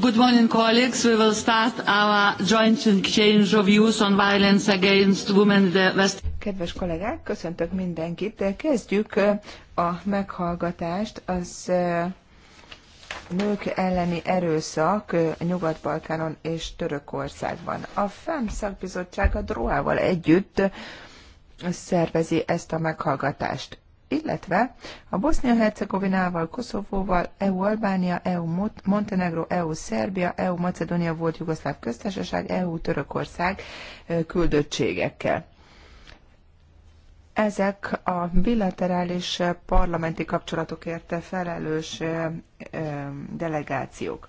Good morning, colleagues. We will start our joint exchange of views on violence against women in the West. Kedves kollégák, köszöntök mindenkit. Kezdjük eh, a meghallgatást az eh, nők elleni erőszak eh, Nyugat-Balkánon és Törökországban. A FEM szakbizottság a DROA-val együtt szervezi ezt a meghallgatást illetve a Bosznia-Hercegovinával, Koszovóval, EU-Albánia, EU-Montenegro, EU-Szerbia, EU-Macedónia volt Jugoszláv köztársaság, EU-Törökország küldöttségekkel. Ezek a bilaterális parlamenti kapcsolatokért felelős delegációk.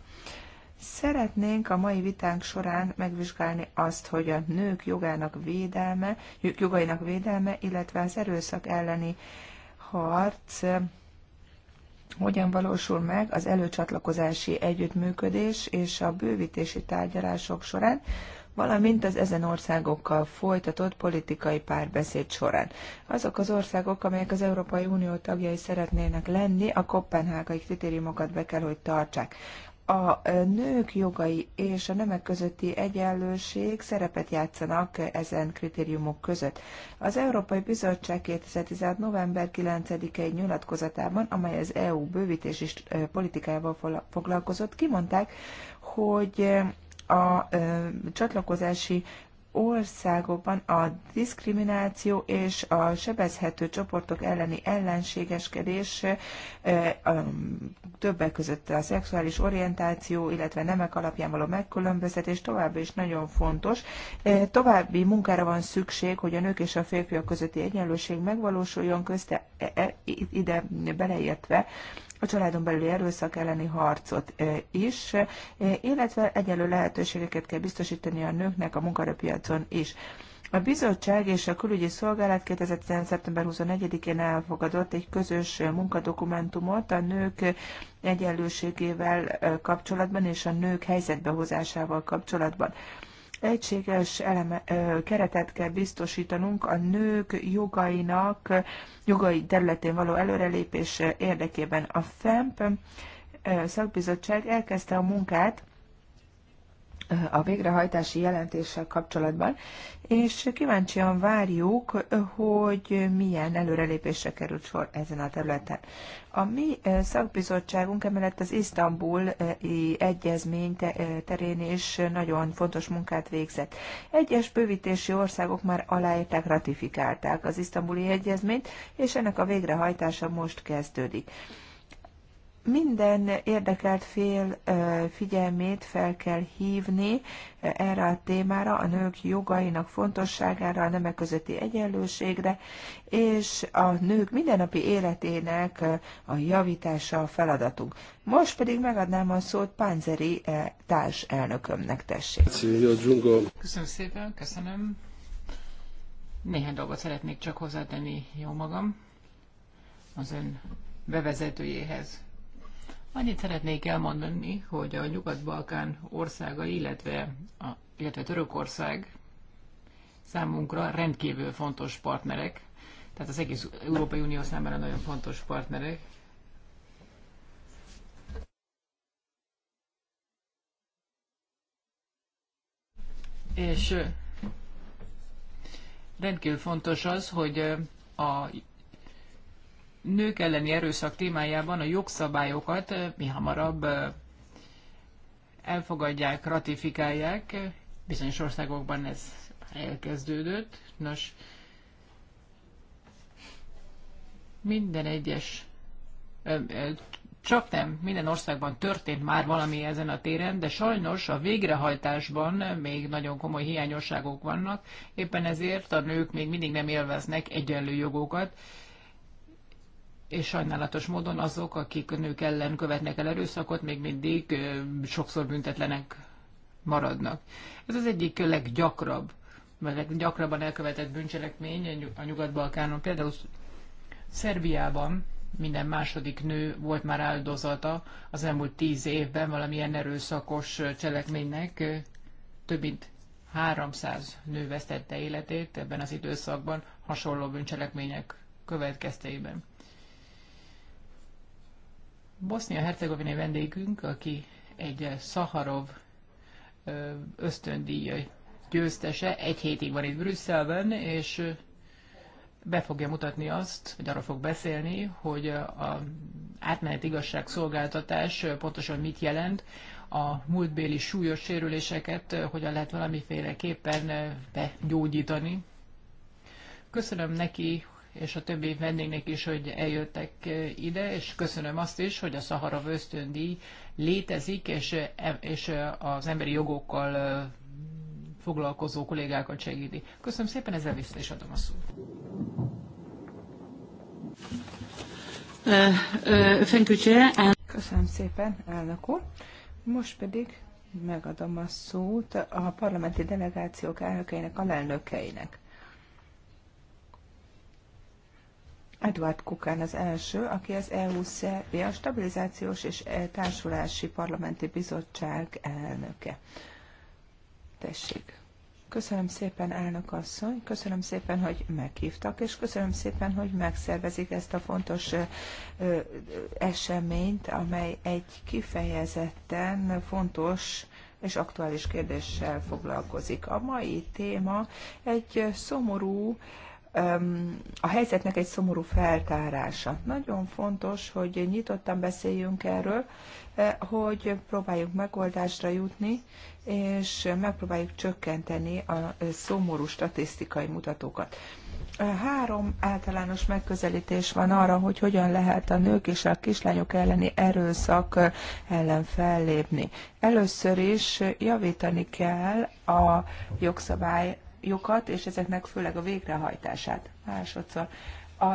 Szeretnénk a mai vitánk során megvizsgálni azt, hogy a nők jogának védelme, jogainak védelme, illetve az erőszak elleni harc hogyan valósul meg az előcsatlakozási együttműködés és a bővítési tárgyalások során, valamint az ezen országokkal folytatott politikai párbeszéd során. Azok az országok, amelyek az Európai Unió tagjai szeretnének lenni, a kopenhágai kritériumokat be kell, hogy tartsák a nők jogai és a nemek közötti egyenlőség szerepet játszanak ezen kritériumok között. Az Európai Bizottság 2016. november 9-i nyilatkozatában, amely az EU bővítési politikájával foglalkozott, kimondták, hogy a csatlakozási országokban a diszkrimináció és a sebezhető csoportok elleni ellenségeskedés többek között a szexuális orientáció, illetve nemek alapján való megkülönböztetés továbbra is nagyon fontos. További munkára van szükség, hogy a nők és a férfiak közötti egyenlőség megvalósuljon közte e, e, ide beleértve a családon belüli erőszak elleni harcot is, illetve egyenlő lehetőségeket kell biztosítani a nőknek a munkarapiacon is. A bizottság és a külügyi szolgálat 2010. szeptember 24-én elfogadott egy közös munkadokumentumot a nők egyenlőségével kapcsolatban és a nők helyzetbehozásával kapcsolatban. Egységes eleme, keretet kell biztosítanunk a nők jogainak, jogai területén való előrelépés érdekében. A FEMP szakbizottság elkezdte a munkát, a végrehajtási jelentéssel kapcsolatban, és kíváncsian várjuk, hogy milyen előrelépésre került sor ezen a területen. A mi e, szakbizottságunk emellett az isztambul e, egyezmény e, terén is nagyon fontos munkát végzett. Egyes bővítési országok már aláírták, ratifikálták az isztambuli egyezményt, és ennek a végrehajtása most kezdődik minden érdekelt fél figyelmét fel kell hívni erre a témára, a nők jogainak fontosságára, a nemek közötti egyenlőségre, és a nők mindennapi életének a javítása a feladatunk. Most pedig megadnám a szót Pánzeri társ elnökömnek, tessék. Köszönöm szépen, köszönöm. Néhány dolgot szeretnék csak hozzátenni jó magam az ön bevezetőjéhez Annyit szeretnék elmondani, hogy a Nyugat-Balkán országa, illetve, a, illetve Törökország számunkra rendkívül fontos partnerek, tehát az egész Európai Unió számára nagyon fontos partnerek. És rendkívül fontos az, hogy a nők elleni erőszak témájában a jogszabályokat mi hamarabb elfogadják, ratifikálják. Bizonyos országokban ez elkezdődött. Nos, minden egyes csak nem, minden országban történt már valami ezen a téren, de sajnos a végrehajtásban még nagyon komoly hiányosságok vannak, éppen ezért a nők még mindig nem élveznek egyenlő jogokat és sajnálatos módon azok, akik nők ellen követnek el erőszakot, még mindig sokszor büntetlenek maradnak. Ez az egyik leggyakrabb, vagy leggyakrabban elkövetett bűncselekmény a Nyugat-Balkánon. Például Szerbiában minden második nő volt már áldozata az elmúlt tíz évben valamilyen erőszakos cselekménynek. Több mint 300 nő vesztette életét ebben az időszakban hasonló bűncselekmények következtében. Bosznia-Hercegovinai vendégünk, aki egy eh, Szaharov ösztöndíj eh, győztese, egy hétig van itt Brüsszelben, és eh, be fogja mutatni azt, vagy arra fog beszélni, hogy a átmenet igazságszolgáltatás pontosan mit jelent, a múltbéli súlyos sérüléseket hogyan lehet valamiféleképpen begyógyítani. Köszönöm neki, és a többi vendégnek is, hogy eljöttek eh, ide, és köszönöm azt is, hogy a Szahara ösztöndíj létezik, és, eh, és eh, az emberi jogokkal foglalkozó kollégákat segíti. Köszönöm szépen, ezzel vissza is adom a szót. Uh, uh, köszönöm szépen, elnök úr. Most pedig megadom a szót a parlamenti delegációk elnökeinek, alelnökeinek. Eduard Kukán az első, aki az EU-Szerbia Stabilizációs és eh, Társulási Parlamenti Bizottság elnöke. Tessék. Köszönöm szépen, elnök asszony, köszönöm szépen, hogy meghívtak, és köszönöm szépen, hogy megszervezik ezt a fontos ö, eh, ö, eh, eseményt, amely egy kifejezetten fontos és aktuális kérdéssel foglalkozik. A mai téma egy szomorú, ö, a helyzetnek egy szomorú feltárása. Nagyon fontos, hogy nyitottan beszéljünk erről, eh, hogy próbáljuk megoldásra jutni, és megpróbáljuk csökkenteni a eh, szomorú statisztikai mutatókat. Eh, három általános megközelítés van arra, hogy hogyan lehet a nők és a kislányok elleni erőszak ellen fellépni. Először is javítani kell a jogszabály jogokat, és ezeknek főleg a végrehajtását. Másodszor a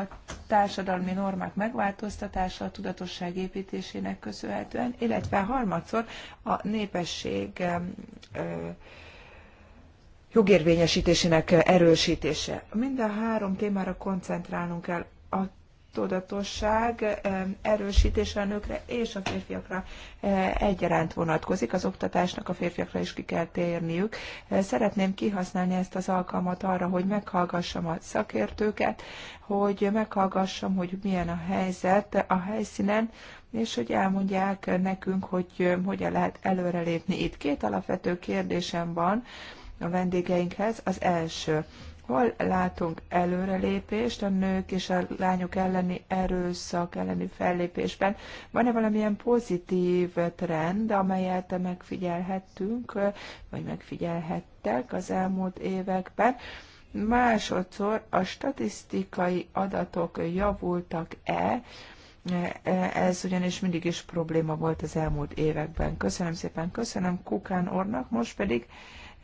társadalmi normák megváltoztatása a tudatosság építésének köszönhetően, illetve harmadszor a népesség jogérvényesítésének erősítése. Mind a három témára koncentrálnunk kell. A tudatosság erősítése a nőkre és a férfiakra egyaránt vonatkozik, az oktatásnak a férfiakra is ki kell térniük. Szeretném kihasználni ezt az alkalmat arra, hogy meghallgassam a szakértőket, hogy meghallgassam, hogy milyen a helyzet a helyszínen, és hogy elmondják nekünk, hogy hogyan lehet előrelépni. Itt két alapvető kérdésem van a vendégeinkhez. Az első, Hol látunk előrelépést a nők és a lányok elleni erőszak elleni fellépésben? Van-e valamilyen pozitív trend, amelyet megfigyelhettünk, vagy megfigyelhettek az elmúlt években? Másodszor a statisztikai adatok javultak-e? Ez ugyanis mindig is probléma volt az elmúlt években. Köszönöm szépen, köszönöm Kukán Ornak, most pedig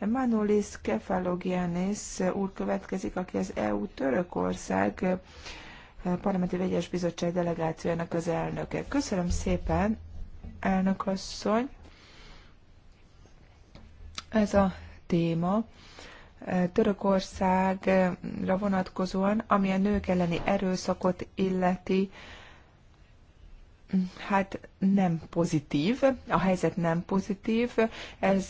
Manolis Kefalogianis úr következik, aki az EU Törökország eh, Parlamenti Vegyes Bizottság delegációjának az elnöke. Köszönöm szépen, elnök asszony. Ez a téma eh, Törökországra vonatkozóan, ami a nők elleni erőszakot illeti, hát nem pozitív, a helyzet nem pozitív, ez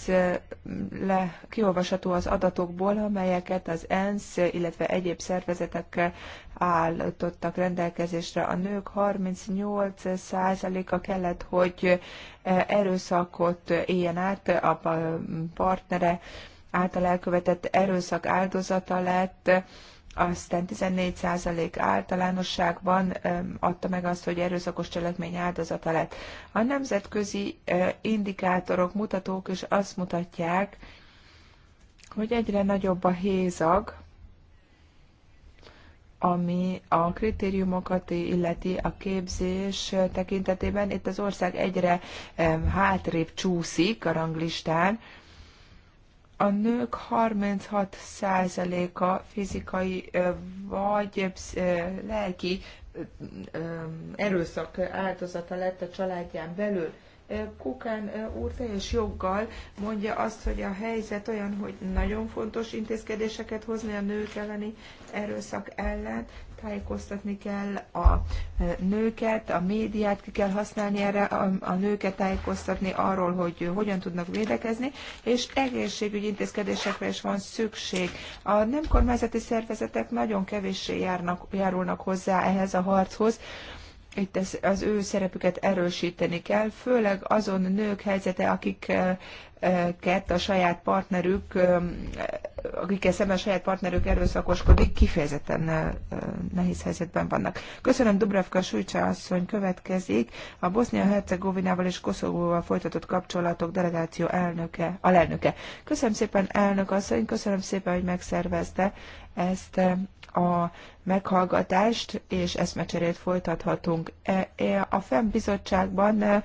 le, kiolvasható az adatokból, amelyeket az ENSZ, illetve egyéb szervezetek állítottak rendelkezésre. A nők 38%-a kellett, hogy erőszakot éljen át a partnere által elkövetett erőszak áldozata lett, aztán 14% általánosságban adta meg azt, hogy erőszakos cselekmény áldozata lett. A nemzetközi indikátorok, mutatók is azt mutatják, hogy egyre nagyobb a hézag, ami a kritériumokat illeti a képzés tekintetében. Itt az ország egyre hátrébb csúszik a ranglistán, a nők 36%-a fizikai vagy lelki erőszak áldozata lett a családján belül. Kukán úr teljes joggal mondja azt, hogy a helyzet olyan, hogy nagyon fontos intézkedéseket hozni a nők elleni erőszak ellen, tájékoztatni kell a e, nőket, a médiát ki kell használni erre, a, a nőket tájékoztatni arról, hogy hogyan tudnak védekezni, és egészségügyi intézkedésekre is van szükség. A nem kormányzati szervezetek nagyon kevéssé járnak, járulnak hozzá ehhez a harchoz, itt az, az ő szerepüket erősíteni kell, főleg azon nők helyzete, akik e, akiket a saját partnerük, akikkel szemben a saját partnerük erőszakoskodik, kifejezetten nehéz helyzetben vannak. Köszönöm Dubravka Sújcsa asszony következik. A Bosznia-Hercegovinával és Koszovóval folytatott kapcsolatok delegáció elnöke, alelnöke. Köszönöm szépen elnök asszony, köszönöm szépen, hogy megszervezte ezt a meghallgatást, és eszmecserét folytathatunk. E, e, a FEM bizottságban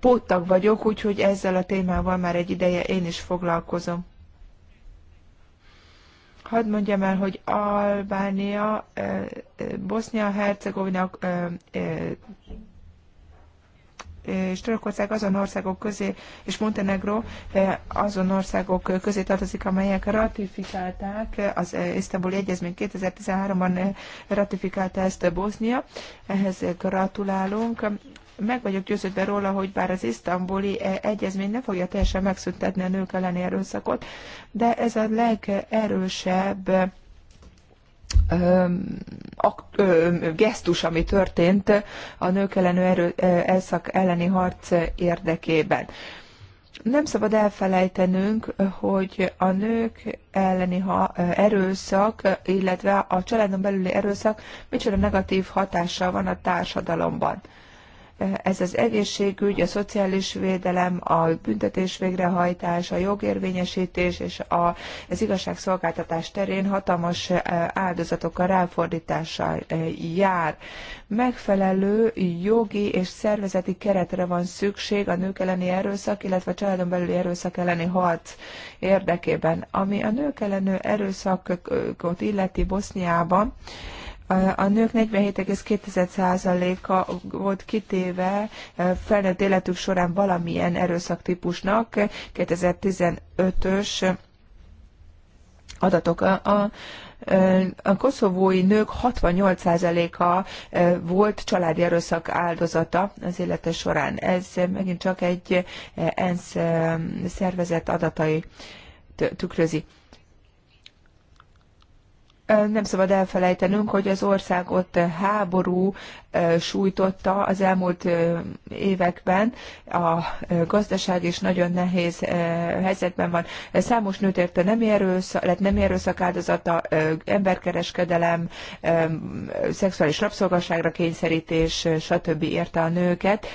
póttag vagyok, úgyhogy ezzel a témával már egy ideje én is foglalkozom. Hadd mondjam el, hogy Albánia, Bosznia-Hercegovina és Törökország azon országok közé, és Montenegro azon országok közé tartozik, amelyek ratifikálták az isztambuli egyezmény 2013-ban ratifikálta ezt Bosznia. Ehhez gratulálunk meg vagyok győződve róla, hogy bár az isztambuli e, egyezmény nem fogja teljesen megszüntetni a nők elleni erőszakot, de ez a legerősebb gesztus, ami történt a nők ellenő erő, elszak elleni harc érdekében. Nem szabad elfelejtenünk, hogy a nők elleni ha, erőszak, illetve a családon belüli erőszak micsoda negatív hatással van a társadalomban. Ez az egészségügy, a szociális védelem, a büntetés végrehajtás, a jogérvényesítés és a, az igazságszolgáltatás terén hatalmas a ráfordítással jár. Megfelelő jogi és szervezeti keretre van szükség a nők elleni erőszak, illetve a családon belüli erőszak elleni harc érdekében. Ami a nők elleni erőszakot illeti Boszniában, a nők 47,2%-a volt kitéve felnőtt életük során valamilyen erőszaktípusnak 2015-ös adatok. A, a, a koszovói nők 68%-a volt családi erőszak áldozata az élete során. Ez megint csak egy ENSZ szervezet adatai tükrözi nem szabad elfelejtenünk, hogy az országot háború sújtotta az elmúlt években, a gazdaság is nagyon nehéz helyzetben van. Számos nőt érte nem erőszak, lett nem erőszak áldozata, emberkereskedelem, szexuális rabszolgaságra kényszerítés, stb. érte a nőket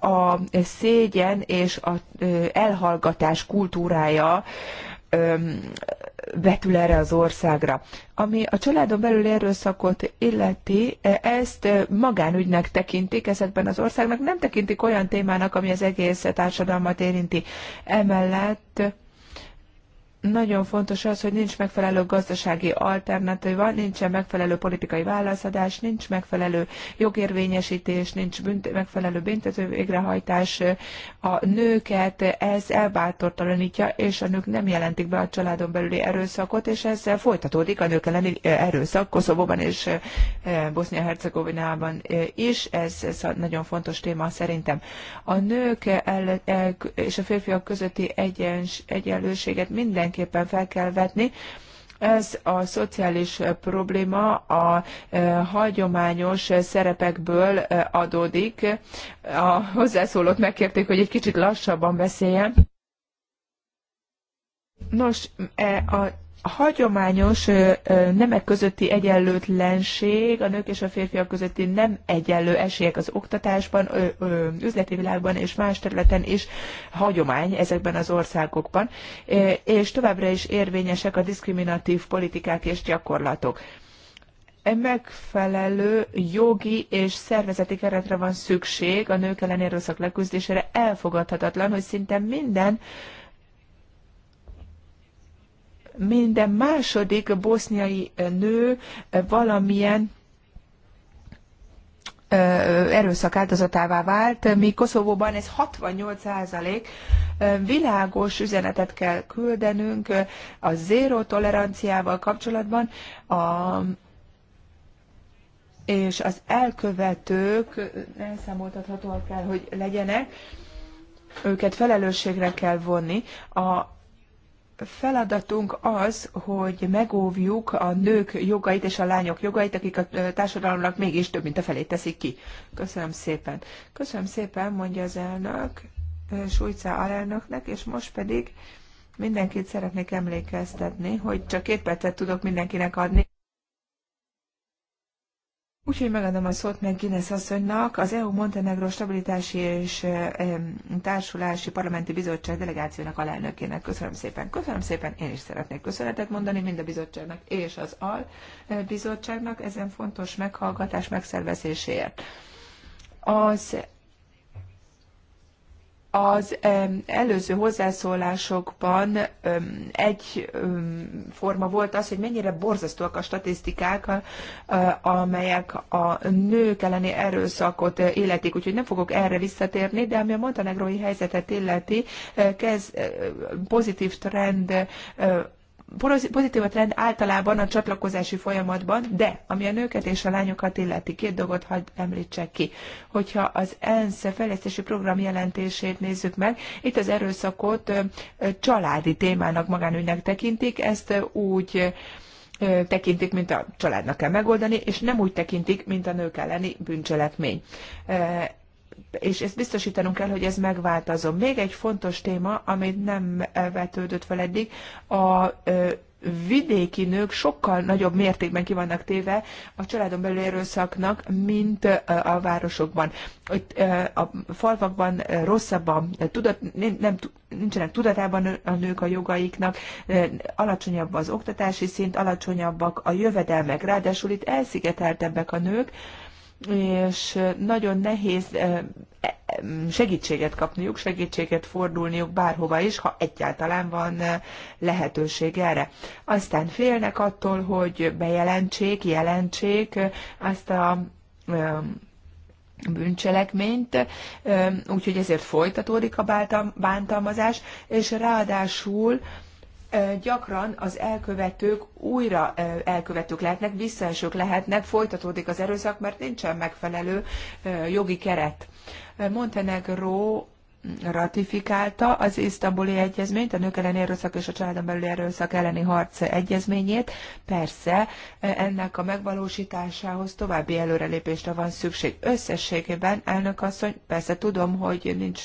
a szégyen és az elhallgatás kultúrája vetül erre az országra. Ami a családon belül erőszakot illeti, e, ezt e, magánügynek tekintik ezekben az országnak, nem tekintik olyan témának, ami az egész társadalmat érinti. Emellett nagyon fontos az, hogy nincs megfelelő gazdasági alternatíva, nincsen megfelelő politikai válaszadás, nincs megfelelő jogérvényesítés, nincs bünt, megfelelő büntető végrehajtás. A nőket ez elbátortalanítja, és a nők nem jelentik be a családon belüli erőszakot, és ez folytatódik a nők elleni erőszak Koszovóban és eh, Bosznia-Hercegovinában eh, is. Ez nagyon fontos téma szerintem. A nők és a férfiak közötti egyens, egyenlőséget mindenki mindenképpen fel kell vetni. Ez a szociális probléma a e, hagyományos szerepekből e, adódik. A hozzászólót megkérték, hogy egy kicsit lassabban beszéljen. Nos, e, a a hagyományos nemek közötti egyenlőtlenség, a nők és a férfiak közötti nem egyenlő esélyek az oktatásban, üzleti világban és más területen is hagyomány ezekben az országokban, és továbbra is érvényesek a diszkriminatív politikák és gyakorlatok e megfelelő jogi és szervezeti keretre van szükség a nők ellen erőszak leküzdésére. Elfogadhatatlan, hogy szinte minden minden második boszniai nő valamilyen erőszak áldozatává vált, míg Koszovóban ez 68 százalék. Világos üzenetet kell küldenünk a zéró toleranciával kapcsolatban, a, és az elkövetők elszámoltathatóak kell, hogy legyenek, őket felelősségre kell vonni. A feladatunk az, hogy megóvjuk a nők jogait és a lányok jogait, akik a társadalomnak mégis több mint a felét teszik ki. Köszönöm szépen. Köszönöm szépen, mondja az elnök, Sújca alelnöknek, és most pedig mindenkit szeretnék emlékeztetni, hogy csak két percet tudok mindenkinek adni. Úgyhogy megadom a szót meg Guinness asszonynak, az EU Montenegro Stabilitási és Társulási Parlamenti Bizottság delegációnak alelnökének. Köszönöm szépen, köszönöm szépen, én is szeretnék köszönetet mondani mind a bizottságnak és az AL bizottságnak ezen fontos meghallgatás megszervezéséért. Az az előző hozzászólásokban egy forma volt az, hogy mennyire borzasztóak a statisztikák, amelyek a nők elleni erőszakot illetik, úgyhogy nem fogok erre visszatérni, de ami a montenegrói helyzetet illeti, eh, kezd eh, pozitív trend eh, pozitív a trend általában a csatlakozási folyamatban, de ami a nőket és a lányokat illeti, két dolgot hadd említsek ki. Hogyha az ENSZ fejlesztési program jelentését nézzük meg, itt az erőszakot családi témának magánügynek tekintik, ezt úgy tekintik, mint a családnak kell megoldani, és nem úgy tekintik, mint a nők elleni bűncselekmény és ezt biztosítanunk kell, hogy ez megváltozom. Még egy fontos téma, amit nem vetődött fel eddig, a vidéki nők sokkal nagyobb mértékben ki vannak téve a családon belül erőszaknak, mint a városokban. Itt a falvakban rosszabb a tudat, nem, nincsenek tudatában a nők a jogaiknak, alacsonyabb az oktatási szint, alacsonyabbak a jövedelmek, ráadásul itt elszigeteltebbek a nők, és nagyon nehéz e, segítséget kapniuk, segítséget fordulniuk bárhova is, ha egyáltalán van lehetőség erre. Aztán félnek attól, hogy bejelentsék, jelentsék azt a bűncselekményt, úgyhogy ezért folytatódik a bántalmazás, és ráadásul gyakran az elkövetők újra elkövetők lehetnek, visszaesők lehetnek, folytatódik az erőszak, mert nincsen megfelelő jogi keret. Montenegro ratifikálta az isztambuli egyezményt, a nők elleni erőszak és a családon belüli erőszak elleni harc egyezményét. Persze, ennek a megvalósításához további előrelépésre van szükség. Összességében, elnök asszony, persze tudom, hogy nincs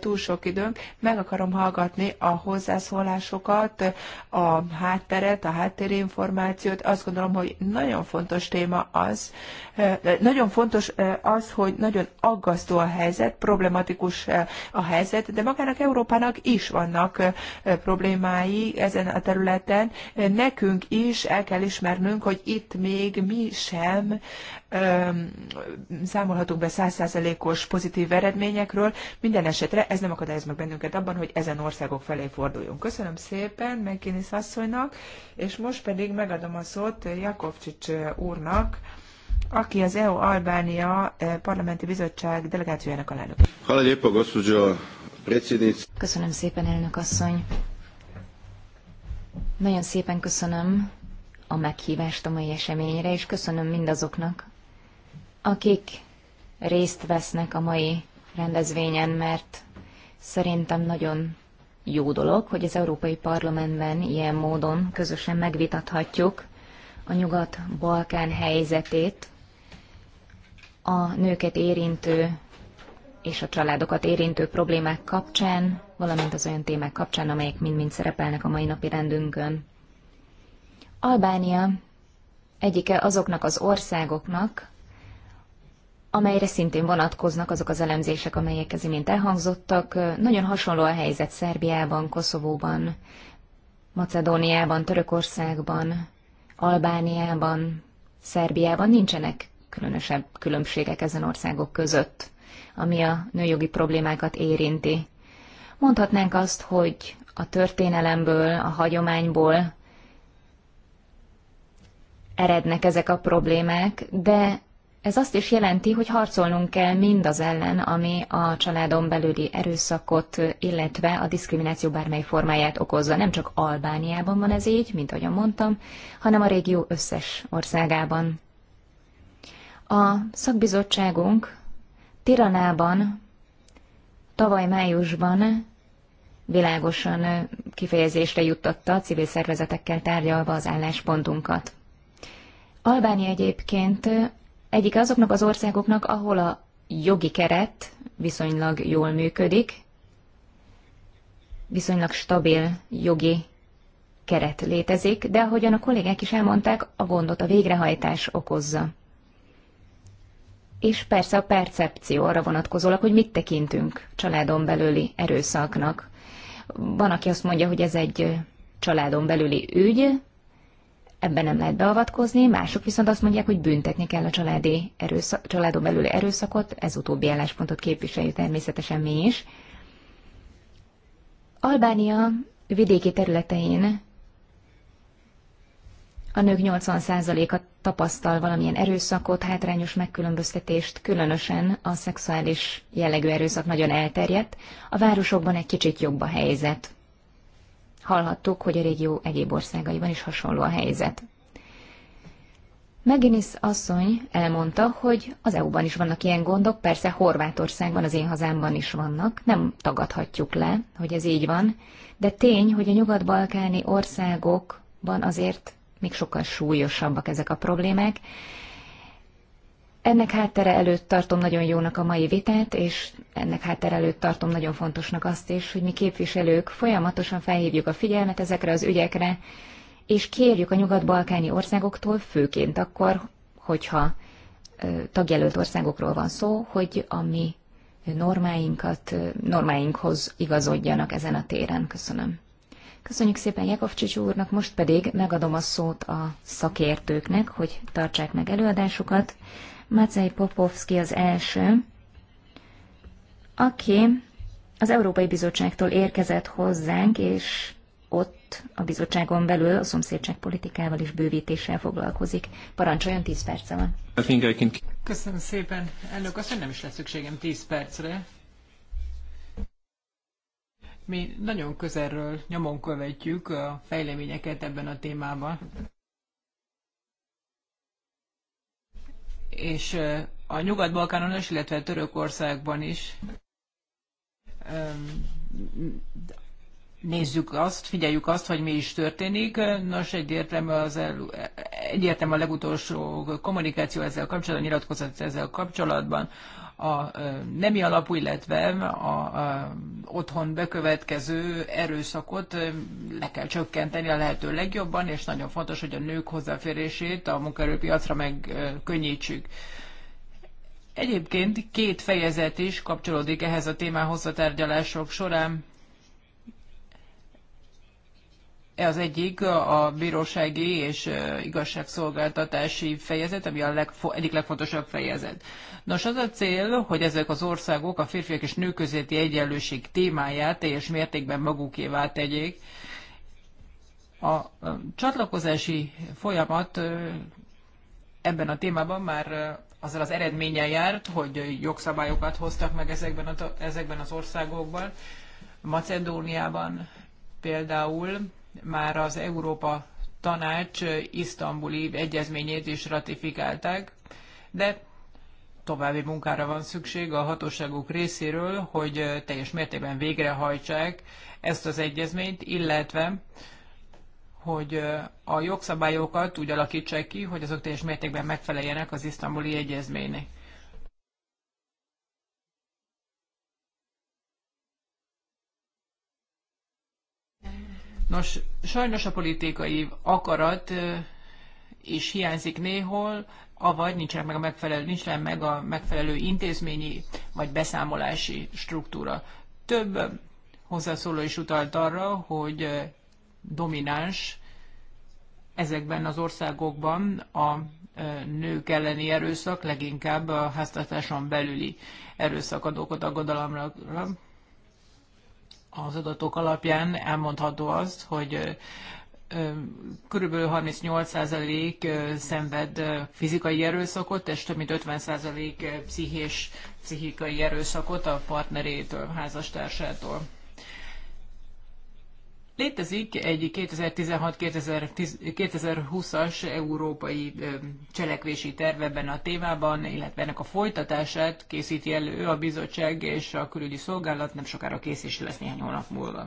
túl sok időnk, meg akarom hallgatni a hozzászólásokat, a hátteret, a háttérinformációt. Azt gondolom, hogy nagyon fontos téma az, nagyon fontos az, hogy nagyon aggasztó a helyzet, problematikus a helyzet, de magának Európának is vannak problémái ezen a területen. Nekünk is el kell ismernünk, hogy itt még mi sem számolhatunk be százszázalékos pozitív eredményekről. Minden esetre ez nem akadályoz meg bennünket abban, hogy ezen országok felé forduljunk. Köszönöm szépen Megkinis asszonynak, és most pedig megadom a szót Jakovcsics úrnak, aki az EU Albánia eh, Parlamenti Bizottság delegációjának alelnök. Köszönöm szépen, elnök asszony. Nagyon szépen köszönöm a meghívást a mai eseményre, és köszönöm mindazoknak, akik részt vesznek a mai rendezvényen, mert szerintem nagyon jó dolog, hogy az Európai Parlamentben ilyen módon közösen megvitathatjuk a Nyugat-Balkán helyzetét, a nőket érintő és a családokat érintő problémák kapcsán, valamint az olyan témák kapcsán, amelyek mind-mind szerepelnek a mai napi rendünkön. Albánia egyike azoknak az országoknak, amelyre szintén vonatkoznak azok az elemzések, amelyek az imént elhangzottak. Nagyon hasonló a helyzet Szerbiában, Koszovóban, Macedóniában, Törökországban, Albániában, Szerbiában nincsenek különösebb különbségek ezen országok között, ami a nőjogi problémákat érinti. Mondhatnánk azt, hogy a történelemből, a hagyományból erednek ezek a problémák, de ez azt is jelenti, hogy harcolnunk kell mind az ellen, ami a családon belüli erőszakot, illetve a diszkrimináció bármely formáját okozza. Nem csak Albániában van ez így, mint ahogyan mondtam, hanem a régió összes országában. A szakbizottságunk Tiranában tavaly májusban világosan kifejezésre juttatta a civil szervezetekkel tárgyalva az álláspontunkat. Albánia egyébként egyik azoknak az országoknak, ahol a jogi keret viszonylag jól működik, viszonylag stabil jogi keret létezik, de ahogyan a kollégák is elmondták, a gondot a végrehajtás okozza és persze a percepció arra vonatkozólag, hogy mit tekintünk családon belüli erőszaknak. Van, aki azt mondja, hogy ez egy családon belüli ügy, ebben nem lehet beavatkozni, mások viszont azt mondják, hogy büntetni kell a családi erőszak, családon belüli erőszakot, ez utóbbi álláspontot képviseljük természetesen mi is. Albánia vidéki területein a nők 80%-a tapasztal valamilyen erőszakot, hátrányos megkülönböztetést, különösen a szexuális jellegű erőszak nagyon elterjedt, a városokban egy kicsit jobb a helyzet. Hallhattuk, hogy a régió egyéb országaiban is hasonló a helyzet. Meginis asszony elmondta, hogy az EU-ban is vannak ilyen gondok, persze Horvátországban, az én hazámban is vannak, nem tagadhatjuk le, hogy ez így van, de tény, hogy a nyugat-balkáni országokban azért még sokkal súlyosabbak ezek a problémák. Ennek háttere előtt tartom nagyon jónak a mai vitát, és ennek háttere előtt tartom nagyon fontosnak azt is, hogy mi képviselők folyamatosan felhívjuk a figyelmet ezekre az ügyekre, és kérjük a nyugat-balkáni országoktól, főként akkor, hogyha tagjelölt országokról van szó, hogy a mi normáinkat, normáinkhoz igazodjanak ezen a téren. Köszönöm. Köszönjük szépen Jakovcsics úrnak, most pedig megadom a szót a szakértőknek, hogy tartsák meg előadásukat. Macei Popovski az első, aki az Európai Bizottságtól érkezett hozzánk, és ott a bizottságon belül a szomszédság politikával is bővítéssel foglalkozik. Parancsoljon, 10 perce van. Köszönöm szépen, elnök asszony, nem is lesz szükségem 10 percre. Mi nagyon közelről nyomon követjük a fejleményeket ebben a témában. És a Nyugat-Balkánon is, illetve Törökországban is nézzük azt, figyeljük azt, hogy mi is történik. Nos, egyértelmű, az el, egyértelmű a legutolsó kommunikáció ezzel kapcsolatban, nyilatkozat ezzel kapcsolatban a nemi alapú, illetve a, a otthon bekövetkező erőszakot le kell csökkenteni a lehető legjobban, és nagyon fontos, hogy a nők hozzáférését a munkaerőpiacra megkönnyítsük. Egyébként két fejezet is kapcsolódik ehhez a témához a tárgyalások során az egyik a bírósági és igazságszolgáltatási fejezet, ami a legfo- egyik legfontosabb fejezet. Nos, az a cél, hogy ezek az országok a férfiak és nők közötti egyenlőség témáját teljes mértékben magukévá tegyék. A csatlakozási folyamat ebben a témában már azzal az eredménnyel járt, hogy jogszabályokat hoztak meg ezekben, a, ezekben az országokban. Macedóniában például már az Európa Tanács isztambuli egyezményét is ratifikálták, de további munkára van szükség a hatóságok részéről, hogy teljes mértékben végrehajtsák ezt az egyezményt, illetve hogy a jogszabályokat úgy alakítsák ki, hogy azok teljes mértékben megfeleljenek az isztambuli egyezménynek. Nos, sajnos a politikai akarat és hiányzik néhol, avagy nincsenek meg a megfelelő, nincs meg a megfelelő intézményi vagy beszámolási struktúra. Több hozzászóló is utalt arra, hogy domináns ezekben az országokban a nők elleni erőszak, leginkább a háztartáson belüli erőszak ad aggodalomra az adatok alapján elmondható azt, hogy kb. 38% szenved fizikai erőszakot, és több mint 50% pszichés, pszichikai erőszakot a partnerétől, házastársától. Létezik egy 2016-2020-as európai cselekvési terv ebben a témában, illetve ennek a folytatását készíti elő a bizottság és a külügyi szolgálat, nem sokára kész lesz néhány hónap múlva.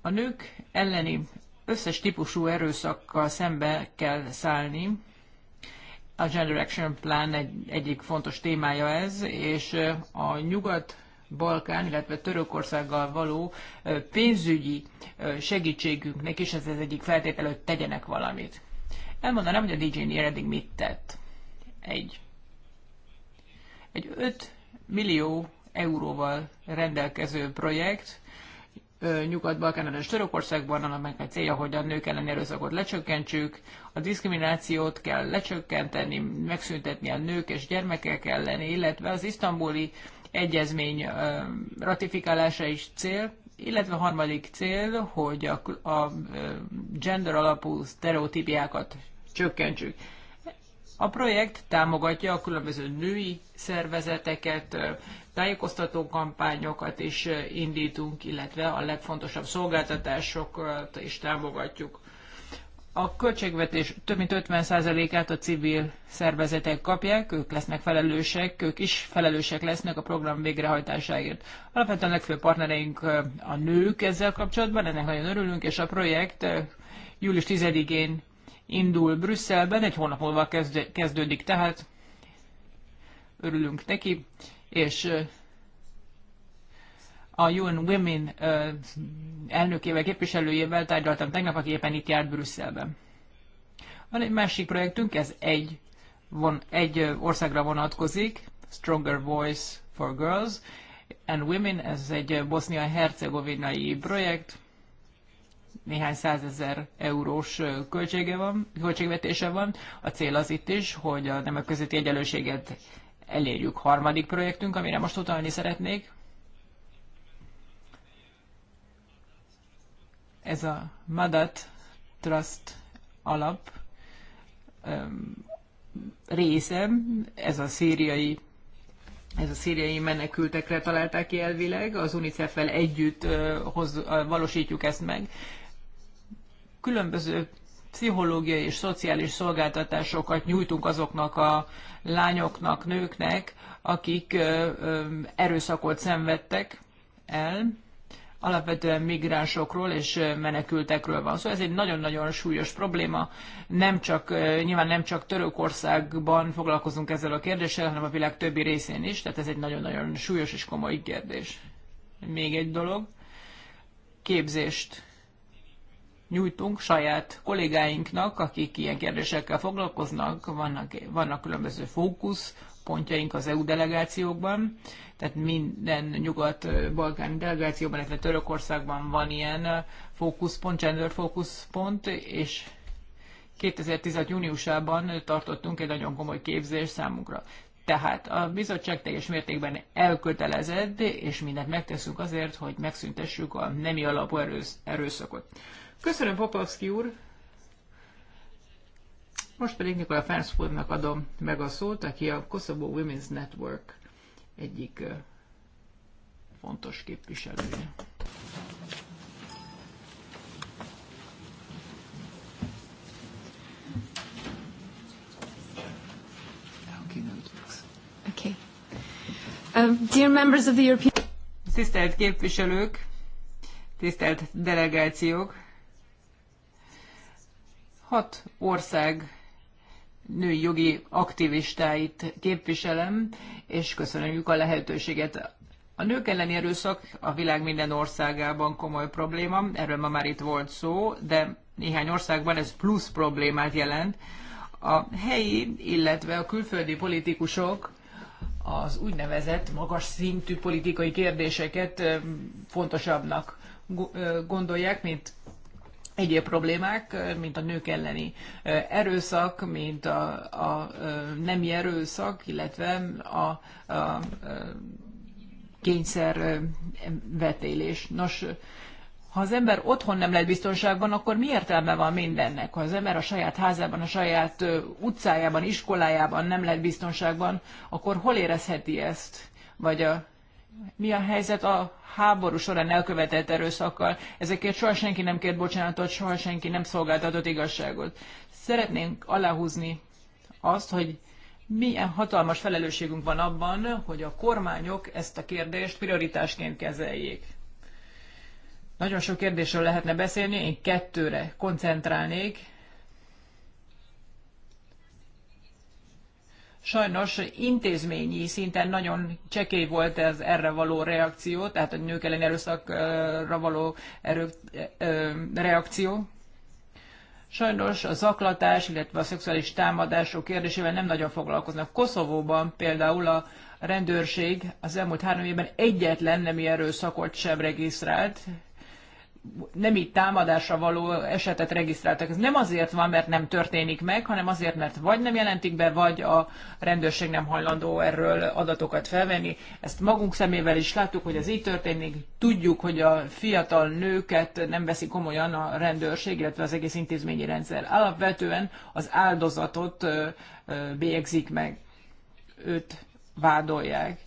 A nők elleni összes típusú erőszakkal szembe kell szállni. A Gender Action Plan egy, egyik fontos témája ez, és a nyugat Balkán, illetve Törökországgal való pénzügyi segítségünknek is, ez az egyik feltétel, hogy tegyenek valamit. Elmondanám, hogy a DJ Nier eddig mit tett. Egy. Egy 5 millió euróval rendelkező projekt, Nyugat-Balkánon és Törökországban, annak a célja, hogy a nők elleni erőszakot lecsökkentsük, a diszkriminációt kell lecsökkenteni, megszüntetni a nők és gyermekek ellen, illetve az isztambuli egyezmény ratifikálása is cél, illetve a harmadik cél, hogy a, a gender alapú sztereotípiákat csökkentsük. A projekt támogatja a különböző női szervezeteket, tájékoztató kampányokat is indítunk, illetve a legfontosabb szolgáltatásokat is támogatjuk. A költségvetés több mint 50%-át a civil szervezetek kapják, ők lesznek felelősek, ők is felelősek lesznek a program végrehajtásáért. Alapvetően a legfőbb partnereink a nők ezzel kapcsolatban, ennek nagyon örülünk, és a projekt július 10-én indul Brüsszelben, egy hónap múlva kezdődik, tehát örülünk neki, és a UN Women elnökével, képviselőjével tárgyaltam tegnap, aki éppen itt járt Brüsszelben. Van egy másik projektünk, ez egy, von, egy országra vonatkozik, Stronger Voice for Girls and Women, ez egy bosznia-hercegovinai projekt, néhány százezer eurós költsége van, költségvetése van. A cél az itt is, hogy a nemek közötti egyenlőséget elérjük. Harmadik projektünk, amire most utalni szeretnék, ez a Madat Trust alap része, ez a szíriai ez a szíriai menekültekre találták ki elvileg, az UNICEF-vel együtt hoz, valósítjuk ezt meg. Különböző pszichológiai és szociális szolgáltatásokat nyújtunk azoknak a lányoknak, nőknek, akik erőszakot szenvedtek el, alapvetően migránsokról és menekültekről van szó. Szóval ez egy nagyon-nagyon súlyos probléma. Nem csak, nyilván nem csak Törökországban foglalkozunk ezzel a kérdéssel, hanem a világ többi részén is, tehát ez egy nagyon-nagyon súlyos és komoly kérdés. Még egy dolog, képzést nyújtunk saját kollégáinknak, akik ilyen kérdésekkel foglalkoznak, vannak, vannak különböző fókusz Pontjaink az EU delegációkban, tehát minden nyugat balkán delegációban, illetve Törökországban van ilyen fókuszpont, gender fókuszpont, és 2016 júniusában tartottunk egy nagyon komoly képzés számunkra. Tehát a bizottság teljes mértékben elkötelezett, és mindent megteszünk azért, hogy megszüntessük a nemi alapú erőszakot. Köszönöm, Popovski úr! Most pedig Nikola Fernsfordnak adom meg a szót, aki a Kosovo Women's Network egyik fontos képviselője. Um, dear members of the European... Tisztelt képviselők, tisztelt delegációk, hat ország női jogi aktivistáit képviselem, és köszönjük a lehetőséget. A nők elleni erőszak a világ minden országában komoly probléma, erről ma már itt volt szó, de néhány országban ez plusz problémát jelent. A helyi, illetve a külföldi politikusok az úgynevezett magas szintű politikai kérdéseket fontosabbnak gondolják, mint egyéb problémák, mint a nők elleni erőszak, mint a, a nemi erőszak, illetve a, a, a kényszer vetélés. Nos, ha az ember otthon nem lehet biztonságban, akkor mi értelme van mindennek? Ha az ember a saját házában, a saját utcájában, iskolájában nem lehet biztonságban, akkor hol érezheti ezt? Vagy a mi a helyzet a háború során elkövetett erőszakkal. Ezekért soha senki nem kért bocsánatot, soha senki nem szolgáltatott igazságot. Szeretnénk aláhúzni azt, hogy milyen hatalmas felelősségünk van abban, hogy a kormányok ezt a kérdést prioritásként kezeljék. Nagyon sok kérdésről lehetne beszélni, én kettőre koncentrálnék. Sajnos intézményi szinten nagyon csekély volt ez erre való reakció, tehát a nők elleni erőszakra való erő, ö, reakció. Sajnos a zaklatás, illetve a szexuális támadások kérdésével nem nagyon foglalkoznak. Koszovóban például a rendőrség az elmúlt három évben egyetlen nemi erőszakot sem regisztrált, nemi támadásra való esetet regisztráltak. Ez nem azért van, mert nem történik meg, hanem azért, mert vagy nem jelentik be, vagy a rendőrség nem hajlandó erről adatokat felvenni. Ezt magunk szemével is láttuk, hogy ez így történik. Tudjuk, hogy a fiatal nőket nem veszi komolyan a rendőrség, illetve az egész intézményi rendszer. Alapvetően az áldozatot bélyegzik meg. Őt vádolják.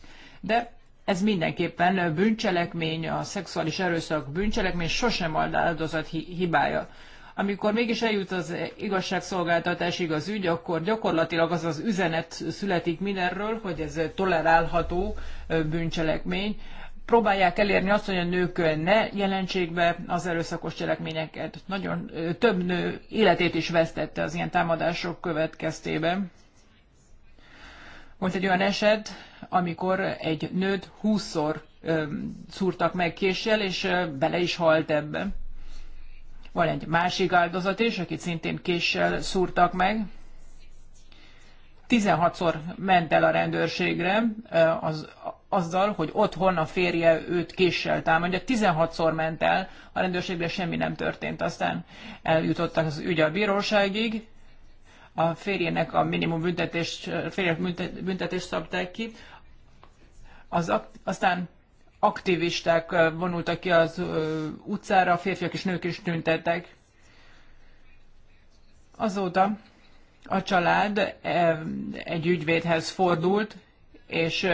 De ez mindenképpen bűncselekmény, a szexuális erőszak bűncselekmény sosem áldozat hibája. Amikor mégis eljut az igazságszolgáltatásig az ügy, akkor gyakorlatilag az az üzenet születik mindenről, hogy ez tolerálható bűncselekmény. Próbálják elérni azt, hogy a nők ne jelentsék be az erőszakos cselekményeket. Nagyon több nő életét is vesztette az ilyen támadások következtében. Volt egy olyan eset, amikor egy nőt húszszor szúrtak meg késsel, és bele is halt ebbe. Van egy másik áldozat is, akit szintén késsel szúrtak meg. 16-szor ment el a rendőrségre az, azzal, hogy otthon a férje őt késsel támadja. 16-szor ment el, a rendőrségre semmi nem történt. Aztán eljutottak az ügy a bíróságig, a férjének a minimum büntetés, férjek büntetés szabták ki. Az, aztán aktivisták vonultak ki az utcára, férfiak és nők is tüntettek. Azóta a család egy ügyvédhez fordult, és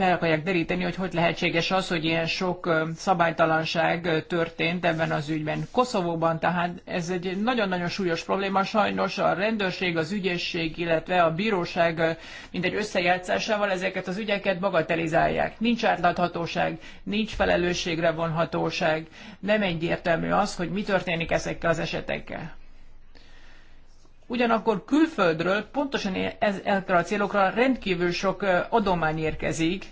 fel akarják deríteni, hogy hogy lehetséges az, hogy ilyen sok szabálytalanság történt ebben az ügyben. Koszovóban tehát ez egy nagyon-nagyon súlyos probléma, sajnos a rendőrség, az ügyészség, illetve a bíróság mindegy összejátszásával ezeket az ügyeket bagatelizálják. Nincs átláthatóság, nincs felelősségre vonhatóság, nem egyértelmű az, hogy mi történik ezekkel az esetekkel ugyanakkor külföldről pontosan e- ezekre a célokra rendkívül sok adomány érkezik.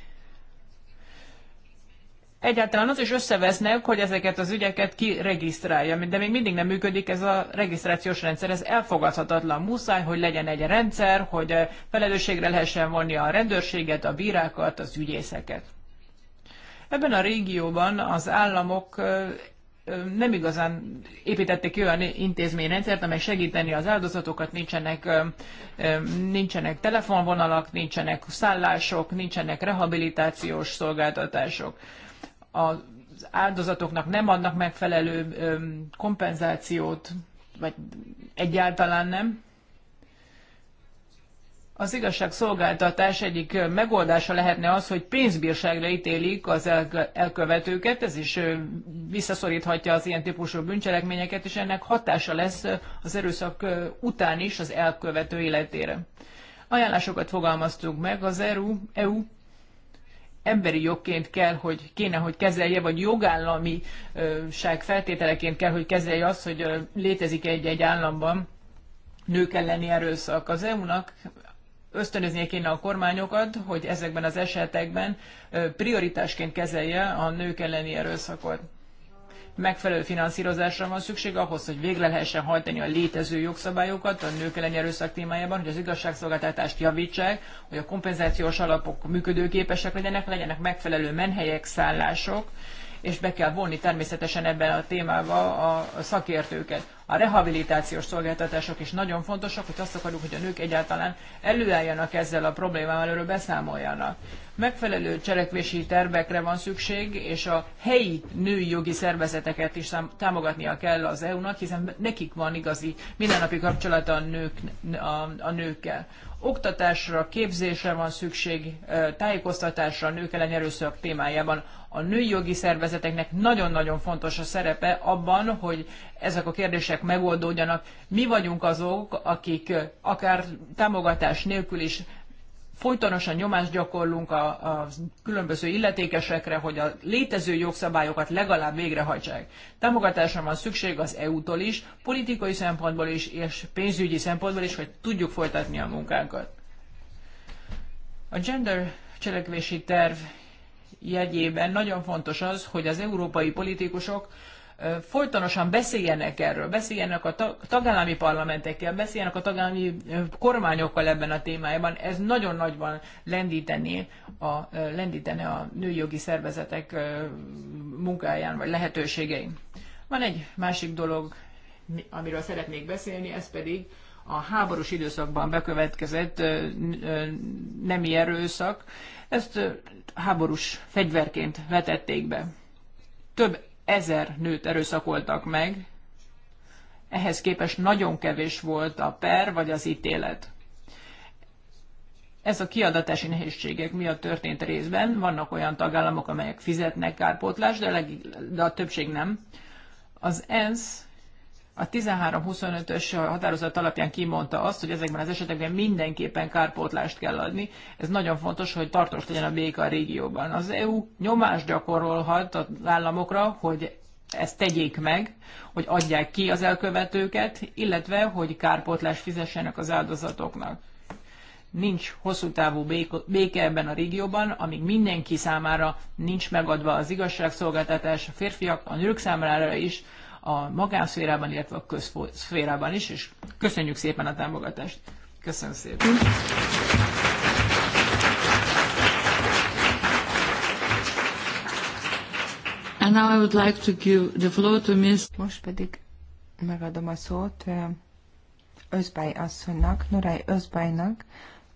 Egyáltalán az is összevesznek, hogy ezeket az ügyeket ki regisztrálja, de még mindig nem működik ez a regisztrációs rendszer, ez elfogadhatatlan. Muszáj, hogy legyen egy rendszer, hogy felelősségre lehessen vonni a rendőrséget, a bírákat, az ügyészeket. Ebben a régióban az államok nem igazán építettek ki olyan intézményrendszert, amely segíteni az áldozatokat, nincsenek, nincsenek telefonvonalak, nincsenek szállások, nincsenek rehabilitációs szolgáltatások. Az áldozatoknak nem adnak megfelelő kompenzációt, vagy egyáltalán nem. Az igazságszolgáltatás egyik megoldása lehetne az, hogy pénzbírságra ítélik az elkövetőket, ez is visszaszoríthatja az ilyen típusú bűncselekményeket, és ennek hatása lesz az erőszak után is az elkövető életére. Ajánlásokat fogalmaztunk meg, az EU, EU emberi jogként kell, hogy kéne, hogy kezelje, vagy jogállamiság feltételeként kell, hogy kezelje azt, hogy létezik egy-egy államban nők elleni erőszak. Az EU-nak ösztönözni kéne a kormányokat, hogy ezekben az esetekben prioritásként kezelje a nők elleni erőszakot. Megfelelő finanszírozásra van szükség ahhoz, hogy végre lehessen hajtani a létező jogszabályokat a nők elleni erőszak témájában, hogy az igazságszolgáltatást javítsák, hogy a kompenzációs alapok működőképesek legyenek, legyenek megfelelő menhelyek, szállások, és be kell vonni természetesen ebben a témába a szakértőket. A rehabilitációs szolgáltatások is nagyon fontosak, hogy azt akarjuk, hogy a nők egyáltalán előálljanak ezzel a problémával, erről beszámoljanak. Megfelelő cselekvési tervekre van szükség, és a helyi női jogi szervezeteket is támogatnia kell az EU-nak, hiszen nekik van igazi mindennapi kapcsolata a, nők, a, a nőkkel oktatásra, képzésre van szükség, tájékoztatásra a nők elleni erőszak témájában. A női jogi szervezeteknek nagyon-nagyon fontos a szerepe abban, hogy ezek a kérdések kérdések megoldódjanak. Mi vagyunk azok, akik akár támogatás nélkül is folytonosan nyomást gyakorlunk a, a különböző illetékesekre, hogy a létező jogszabályokat legalább végrehajtsák. Támogatásra van szükség az EU-tól is, politikai szempontból is, és pénzügyi szempontból is, hogy tudjuk folytatni a munkánkat. A gender cselekvési terv jegyében nagyon fontos az, hogy az európai politikusok folytonosan beszéljenek erről, beszéljenek a tagállami parlamentekkel, beszéljenek a tagállami kormányokkal ebben a témájában. Ez nagyon nagyban lendítené a, lendítene a nőjogi szervezetek munkáján, vagy lehetőségein. Van egy másik dolog, amiről szeretnék beszélni, ez pedig a háborús időszakban bekövetkezett nemi erőszak. Ezt háborús fegyverként vetették be. Több ezer nőt erőszakoltak meg, ehhez képest nagyon kevés volt a per vagy az ítélet. Ez a kiadatási nehézségek miatt történt részben. Vannak olyan tagállamok, amelyek fizetnek kárpótlást, de, de a többség nem. Az ENSZ a 13-25-ös határozat alapján kimondta azt, hogy ezekben az esetekben mindenképpen kárpótlást kell adni. Ez nagyon fontos, hogy tartós legyen a béka a régióban. Az EU nyomást gyakorolhat az államokra, hogy ezt tegyék meg, hogy adják ki az elkövetőket, illetve hogy kárpótlást fizessenek az áldozatoknak. Nincs hosszú távú béke ebben a régióban, amíg mindenki számára nincs megadva az igazságszolgáltatás, a férfiak, a nők számára is, a magánszférában, illetve a közszférában is, és köszönjük szépen a támogatást. Köszönöm szépen. And now I would like to give the floor to Ms. Most pedig megadom a szót Özbay asszonynak, Noray Özbaynak,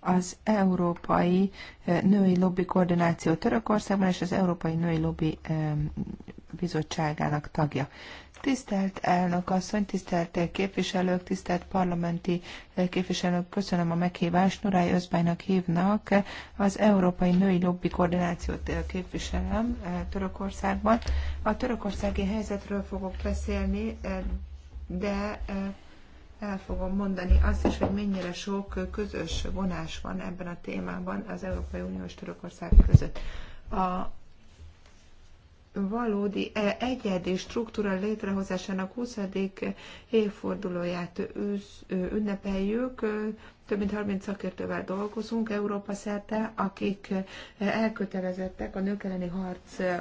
az Európai Női Lobby Koordináció Törökországban és az Európai Női Lobby Bizottságának tagja. Tisztelt elnök asszony, tisztelt képviselők, tisztelt parlamenti képviselők, köszönöm a meghívást. Nuráj Özbájnak hívnak, az Európai Női Lobby Koordinációt képviselem eh, Törökországban. A törökországi helyzetről fogok beszélni, eh, de eh, el fogom mondani azt is, hogy mennyire sok közös vonás van ebben a témában az Európai Unió és Törökország között. A valódi e, egyedi struktúra létrehozásának 20. évfordulóját ünnepeljük. Több mint 30 szakértővel dolgozunk Európa szerte, akik elkötelezettek a nők elleni harc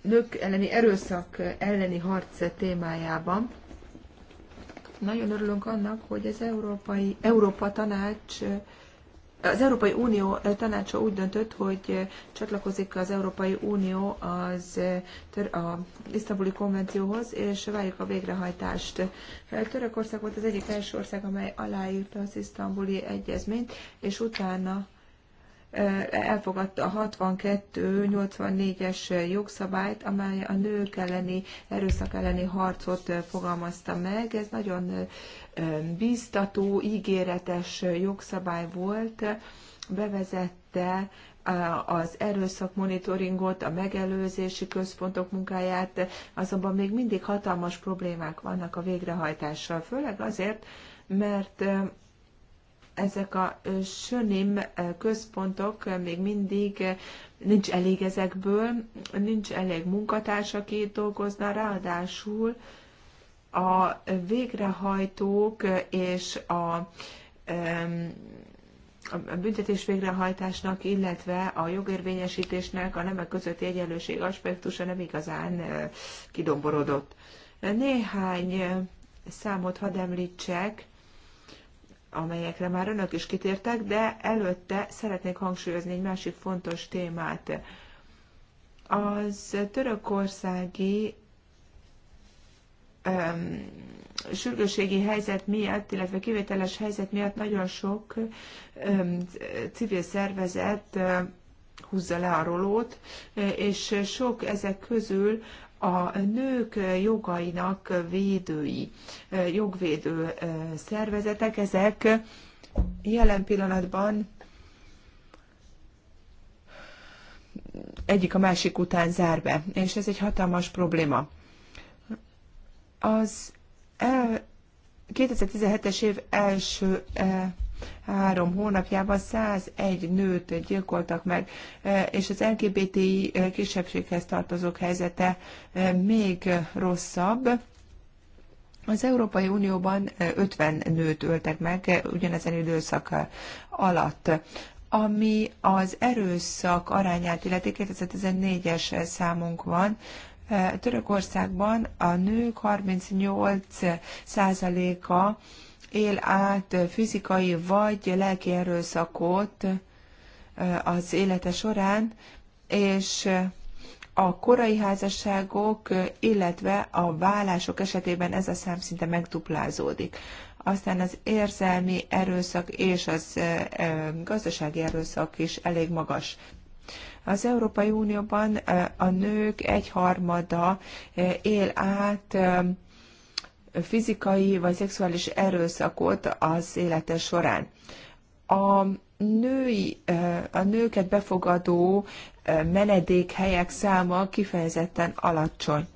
nők elleni erőszak elleni harc témájában. Nagyon örülünk annak, hogy az Európai, Európa Tanács az Európai Unió tanácsa úgy döntött, hogy csatlakozik az Európai Unió az a isztambuli konvencióhoz, és várjuk a végrehajtást. Törökország volt az egyik első ország, amely aláírta az isztambuli egyezményt, és utána elfogadta a 62-84-es jogszabályt, amely a nők elleni, erőszak elleni harcot fogalmazta meg. Ez nagyon bíztató, ígéretes jogszabály volt, bevezette az erőszak monitoringot, a megelőzési központok munkáját, azonban még mindig hatalmas problémák vannak a végrehajtással, főleg azért, mert ezek a sönim központok még mindig nincs elég ezekből, nincs elég munkatárs, aki dolgozna, ráadásul a végrehajtók és a a büntetés végrehajtásnak, illetve a jogérvényesítésnek a nemek közötti egyenlőség aspektusa nem igazán kidomborodott. Néhány számot hadd említsek amelyekre már önök is kitértek, de előtte szeretnék hangsúlyozni egy másik fontos témát. Az törökországi um, sürgőségi helyzet miatt, illetve kivételes helyzet miatt nagyon sok um, civil szervezet um, húzza le a rolót, és sok ezek közül a nők jogainak védői, jogvédő szervezetek, ezek jelen pillanatban egyik a másik után zár be, és ez egy hatalmas probléma. Az 2017-es év első három hónapjában 101 nőt gyilkoltak meg, e, és az LGBTI e, kisebbséghez tartozók helyzete e, még rosszabb. Az Európai Unióban 50 nőt öltek meg ugyanezen időszak alatt ami az erőszak arányát illeti 2014-es számunk van, Törökországban a nők 38%-a él át fizikai vagy lelki erőszakot az élete során, és a korai házasságok, illetve a vállások esetében ez a szám szinte megduplázódik. Aztán az érzelmi erőszak és az gazdasági erőszak is elég magas. Az Európai Unióban a nők egyharmada él át fizikai vagy szexuális erőszakot az élete során. A női, a nőket befogadó menedékhelyek száma kifejezetten alacsony.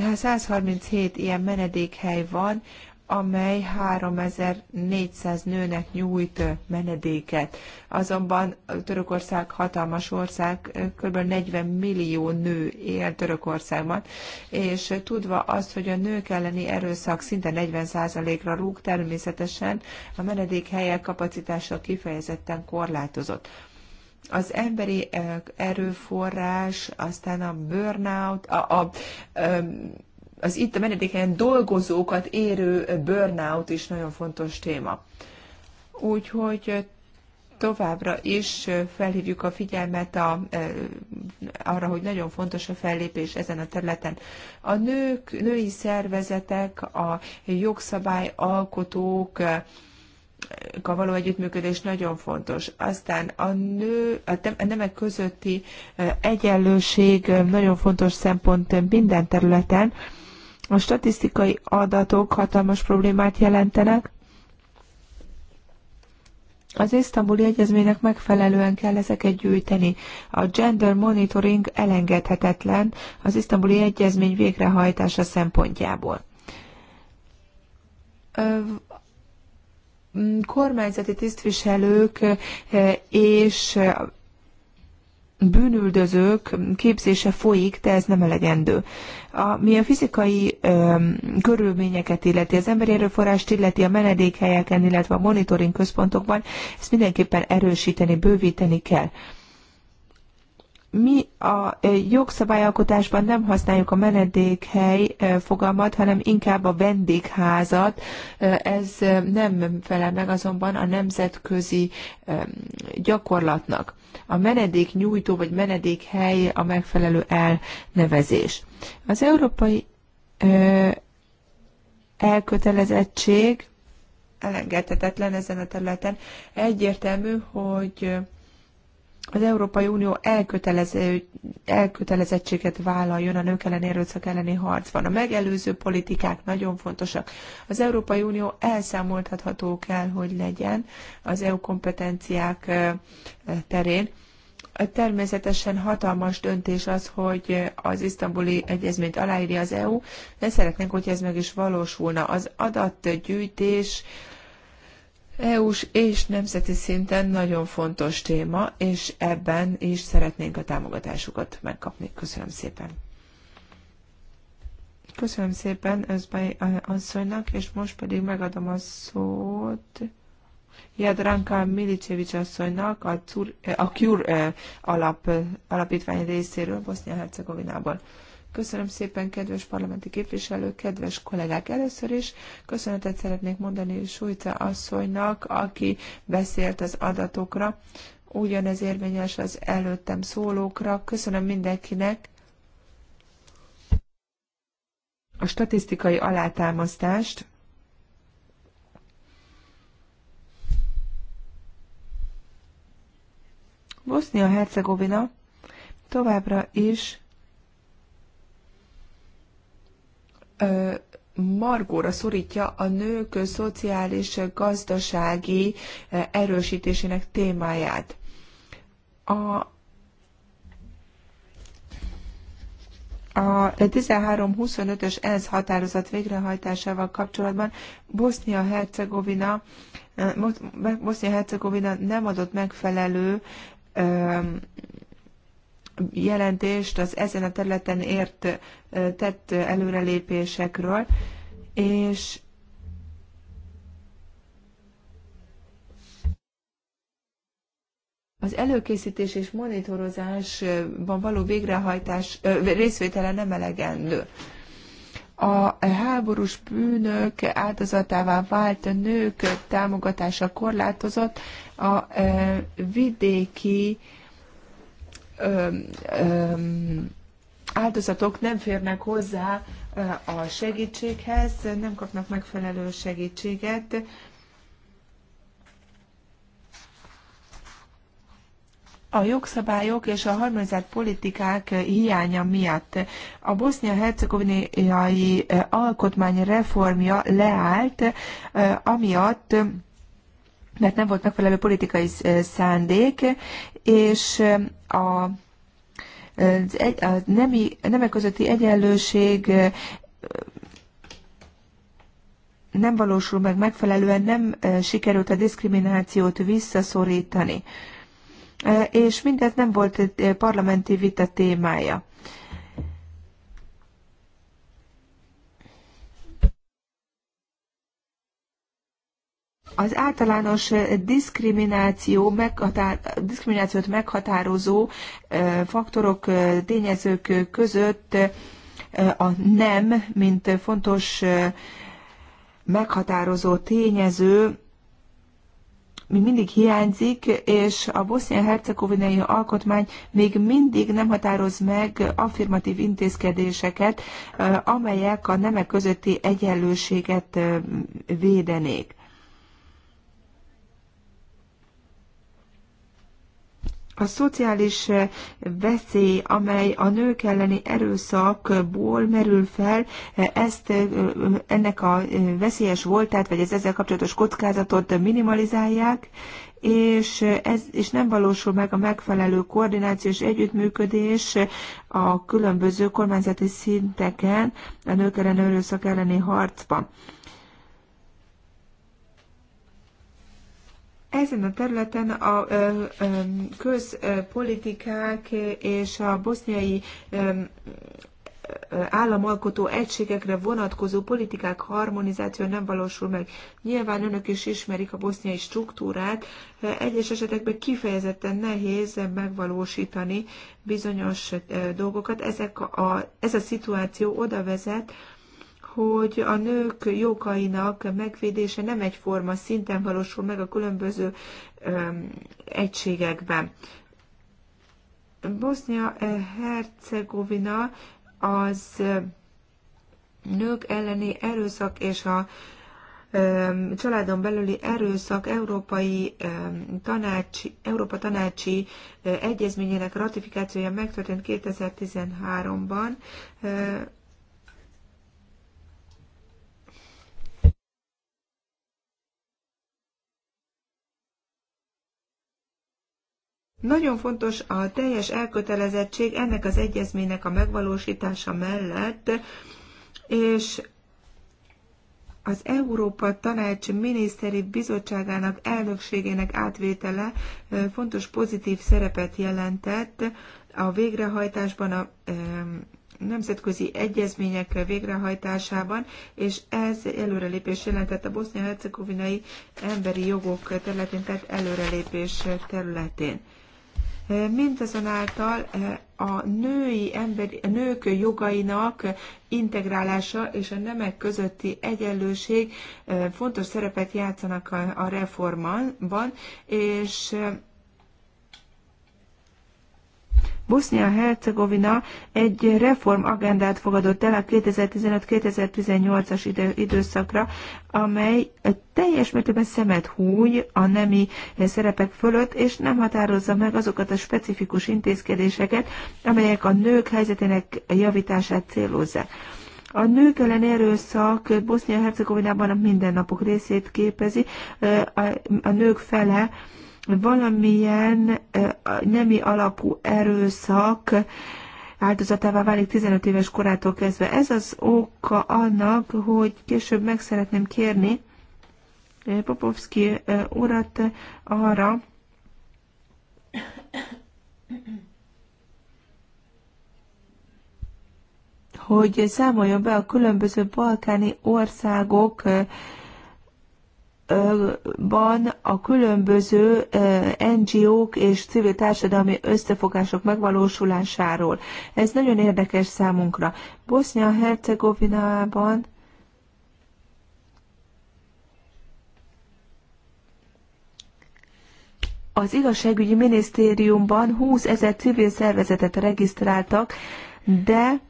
ha 137 ilyen menedékhely van, amely 3400 nőnek nyújt menedéket. Azonban Törökország hatalmas ország, kb. 40 millió nő él Törökországban, és tudva azt, hogy a nők elleni erőszak szinte 40%-ra rúg, természetesen a menedék helyek kapacitása kifejezetten korlátozott az emberi erőforrás, aztán a burnout, a, a, a az itt a menedékhelyen dolgozókat érő burnout is nagyon fontos téma. Úgyhogy továbbra is felhívjuk a figyelmet a, e, arra, hogy nagyon fontos a fellépés ezen a területen. A nők, női szervezetek, a jogszabályalkotók, e, való együttműködés nagyon fontos. Aztán a nő, a nemek közötti e, egyenlőség nagyon fontos szempont minden területen. A statisztikai adatok hatalmas problémát jelentenek. Az isztambuli egyezménynek megfelelően kell ezeket gyűjteni. A gender monitoring elengedhetetlen az isztambuli egyezmény végrehajtása szempontjából kormányzati tisztviselők és bűnüldözők képzése folyik, de ez nem elegendő. A, mi a fizikai ö, körülményeket illeti, az emberi erőforrást illeti a menedékhelyeken, illetve a monitoring központokban, ezt mindenképpen erősíteni, bővíteni kell mi a jogszabályalkotásban nem használjuk a menedékhely fogalmat, hanem inkább a vendégházat. Ez nem felel meg azonban a nemzetközi gyakorlatnak. A menedék nyújtó vagy menedékhely a megfelelő elnevezés. Az európai elkötelezettség elengedhetetlen ezen a területen. Egyértelmű, hogy az Európai Unió elkötelezettséget vállaljon a nők ellen erőszak elleni harcban. A megelőző politikák nagyon fontosak. Az Európai Unió elszámoltatható kell, hogy legyen az EU kompetenciák terén. Természetesen hatalmas döntés az, hogy az isztambuli egyezményt aláírja az EU, de szeretnénk, hogy ez meg is valósulna. Az adatgyűjtés, EU-s és nemzeti szinten nagyon fontos téma, és ebben is szeretnénk a támogatásukat megkapni. Köszönöm szépen. Köszönöm szépen Özbay asszonynak, és most pedig megadom a szót Jadranka Milicevic asszonynak a, Cur, a Cure eh, alap, alapítvány részéről Bosznia-Hercegovinából. Köszönöm szépen, kedves parlamenti képviselő, kedves kollégák! Először is köszönetet szeretnék mondani Sújca asszonynak, aki beszélt az adatokra. Ugyanez érvényes az előttem szólókra. Köszönöm mindenkinek a statisztikai alátámasztást. Bosznia-Hercegovina továbbra is margóra szorítja a nők szociális gazdasági erősítésének témáját. A A 1325 ös ENSZ határozat végrehajtásával kapcsolatban Bosznia-Hercegovina Bosznia-Hercegovina nem adott megfelelő jelentést az ezen a területen ért tett előrelépésekről, és az előkészítés és monitorozásban való végrehajtás részvétele nem elegendő. A háborús bűnök áldozatává vált nők támogatása korlátozott, a vidéki áldozatok nem férnek hozzá a segítséghez, nem kapnak megfelelő segítséget. a jogszabályok és a harmonizált politikák hiánya miatt. A bosznia-hercegovinai alkotmány reformja leállt, amiatt, mert nem volt megfelelő politikai eh, szándék, és eh, a, egy, a nemi, nemek közötti egyenlőség eh, nem valósul meg megfelelően, nem sikerült a diszkriminációt visszaszorítani. És mindez nem volt parlamenti vita témája. az általános diszkrimináció, meghatá- diszkriminációt meghatározó faktorok, tényezők között a nem, mint fontos meghatározó tényező, mi mindig hiányzik, és a bosznia-hercegovinai alkotmány még mindig nem határoz meg affirmatív intézkedéseket, amelyek a nemek közötti egyenlőséget védenék. A szociális eh, veszély, amely a nők elleni erőszakból merül fel, eh, ezt eh, ennek a veszélyes voltát, vagy az ezzel kapcsolatos kockázatot minimalizálják, és, ez, és nem valósul meg a megfelelő koordinációs együttműködés a különböző kormányzati szinteken a nők ellen erőszak elleni harcban. Ezen a területen a közpolitikák és a boszniai államalkotó egységekre vonatkozó politikák harmonizáció nem valósul meg. Nyilván önök is ismerik a boszniai struktúrát, egyes esetekben kifejezetten nehéz megvalósítani bizonyos dolgokat. Ezek a, ez a szituáció oda vezet, hogy a nők jogainak megvédése nem egyforma szinten valósul meg a különböző egységekben. Bosznia-Hercegovina az nők elleni erőszak és a családon belüli erőszak Európai tanácsi, Európa Tanácsi Egyezményének ratifikációja megtörtént 2013-ban. Nagyon fontos a teljes elkötelezettség ennek az egyezménynek a megvalósítása mellett, és az Európa Tanács Miniszteri Bizottságának elnökségének átvétele fontos pozitív szerepet jelentett a végrehajtásban, a nemzetközi egyezmények végrehajtásában, és ez előrelépés jelentett a bosznia-hercegovinai emberi jogok területén, tehát előrelépés területén. Mindazonáltal eh, a női emberi, a nők jogainak integrálása és a nemek közötti egyenlőség eh, fontos szerepet játszanak a reformban, és eh, Bosznia-Hercegovina egy reformagendát fogadott el a 2015-2018-as időszakra, amely teljes mértékben szemet húj a nemi szerepek fölött, és nem határozza meg azokat a specifikus intézkedéseket, amelyek a nők helyzetének javítását célozzák. A nők ellen erőszak Bosznia-Hercegovinában a mindennapok részét képezi, a nők fele valamilyen nemi alapú erőszak áldozatává válik 15 éves korától kezdve. Ez az oka annak, hogy később meg szeretném kérni Popovski urat arra, hogy számoljon be a különböző balkáni országok ban a különböző NGO-k és civil társadalmi összefogások megvalósulásáról. Ez nagyon érdekes számunkra. Bosznia-Hercegovinában az igazságügyi minisztériumban 20 ezer civil szervezetet regisztráltak, de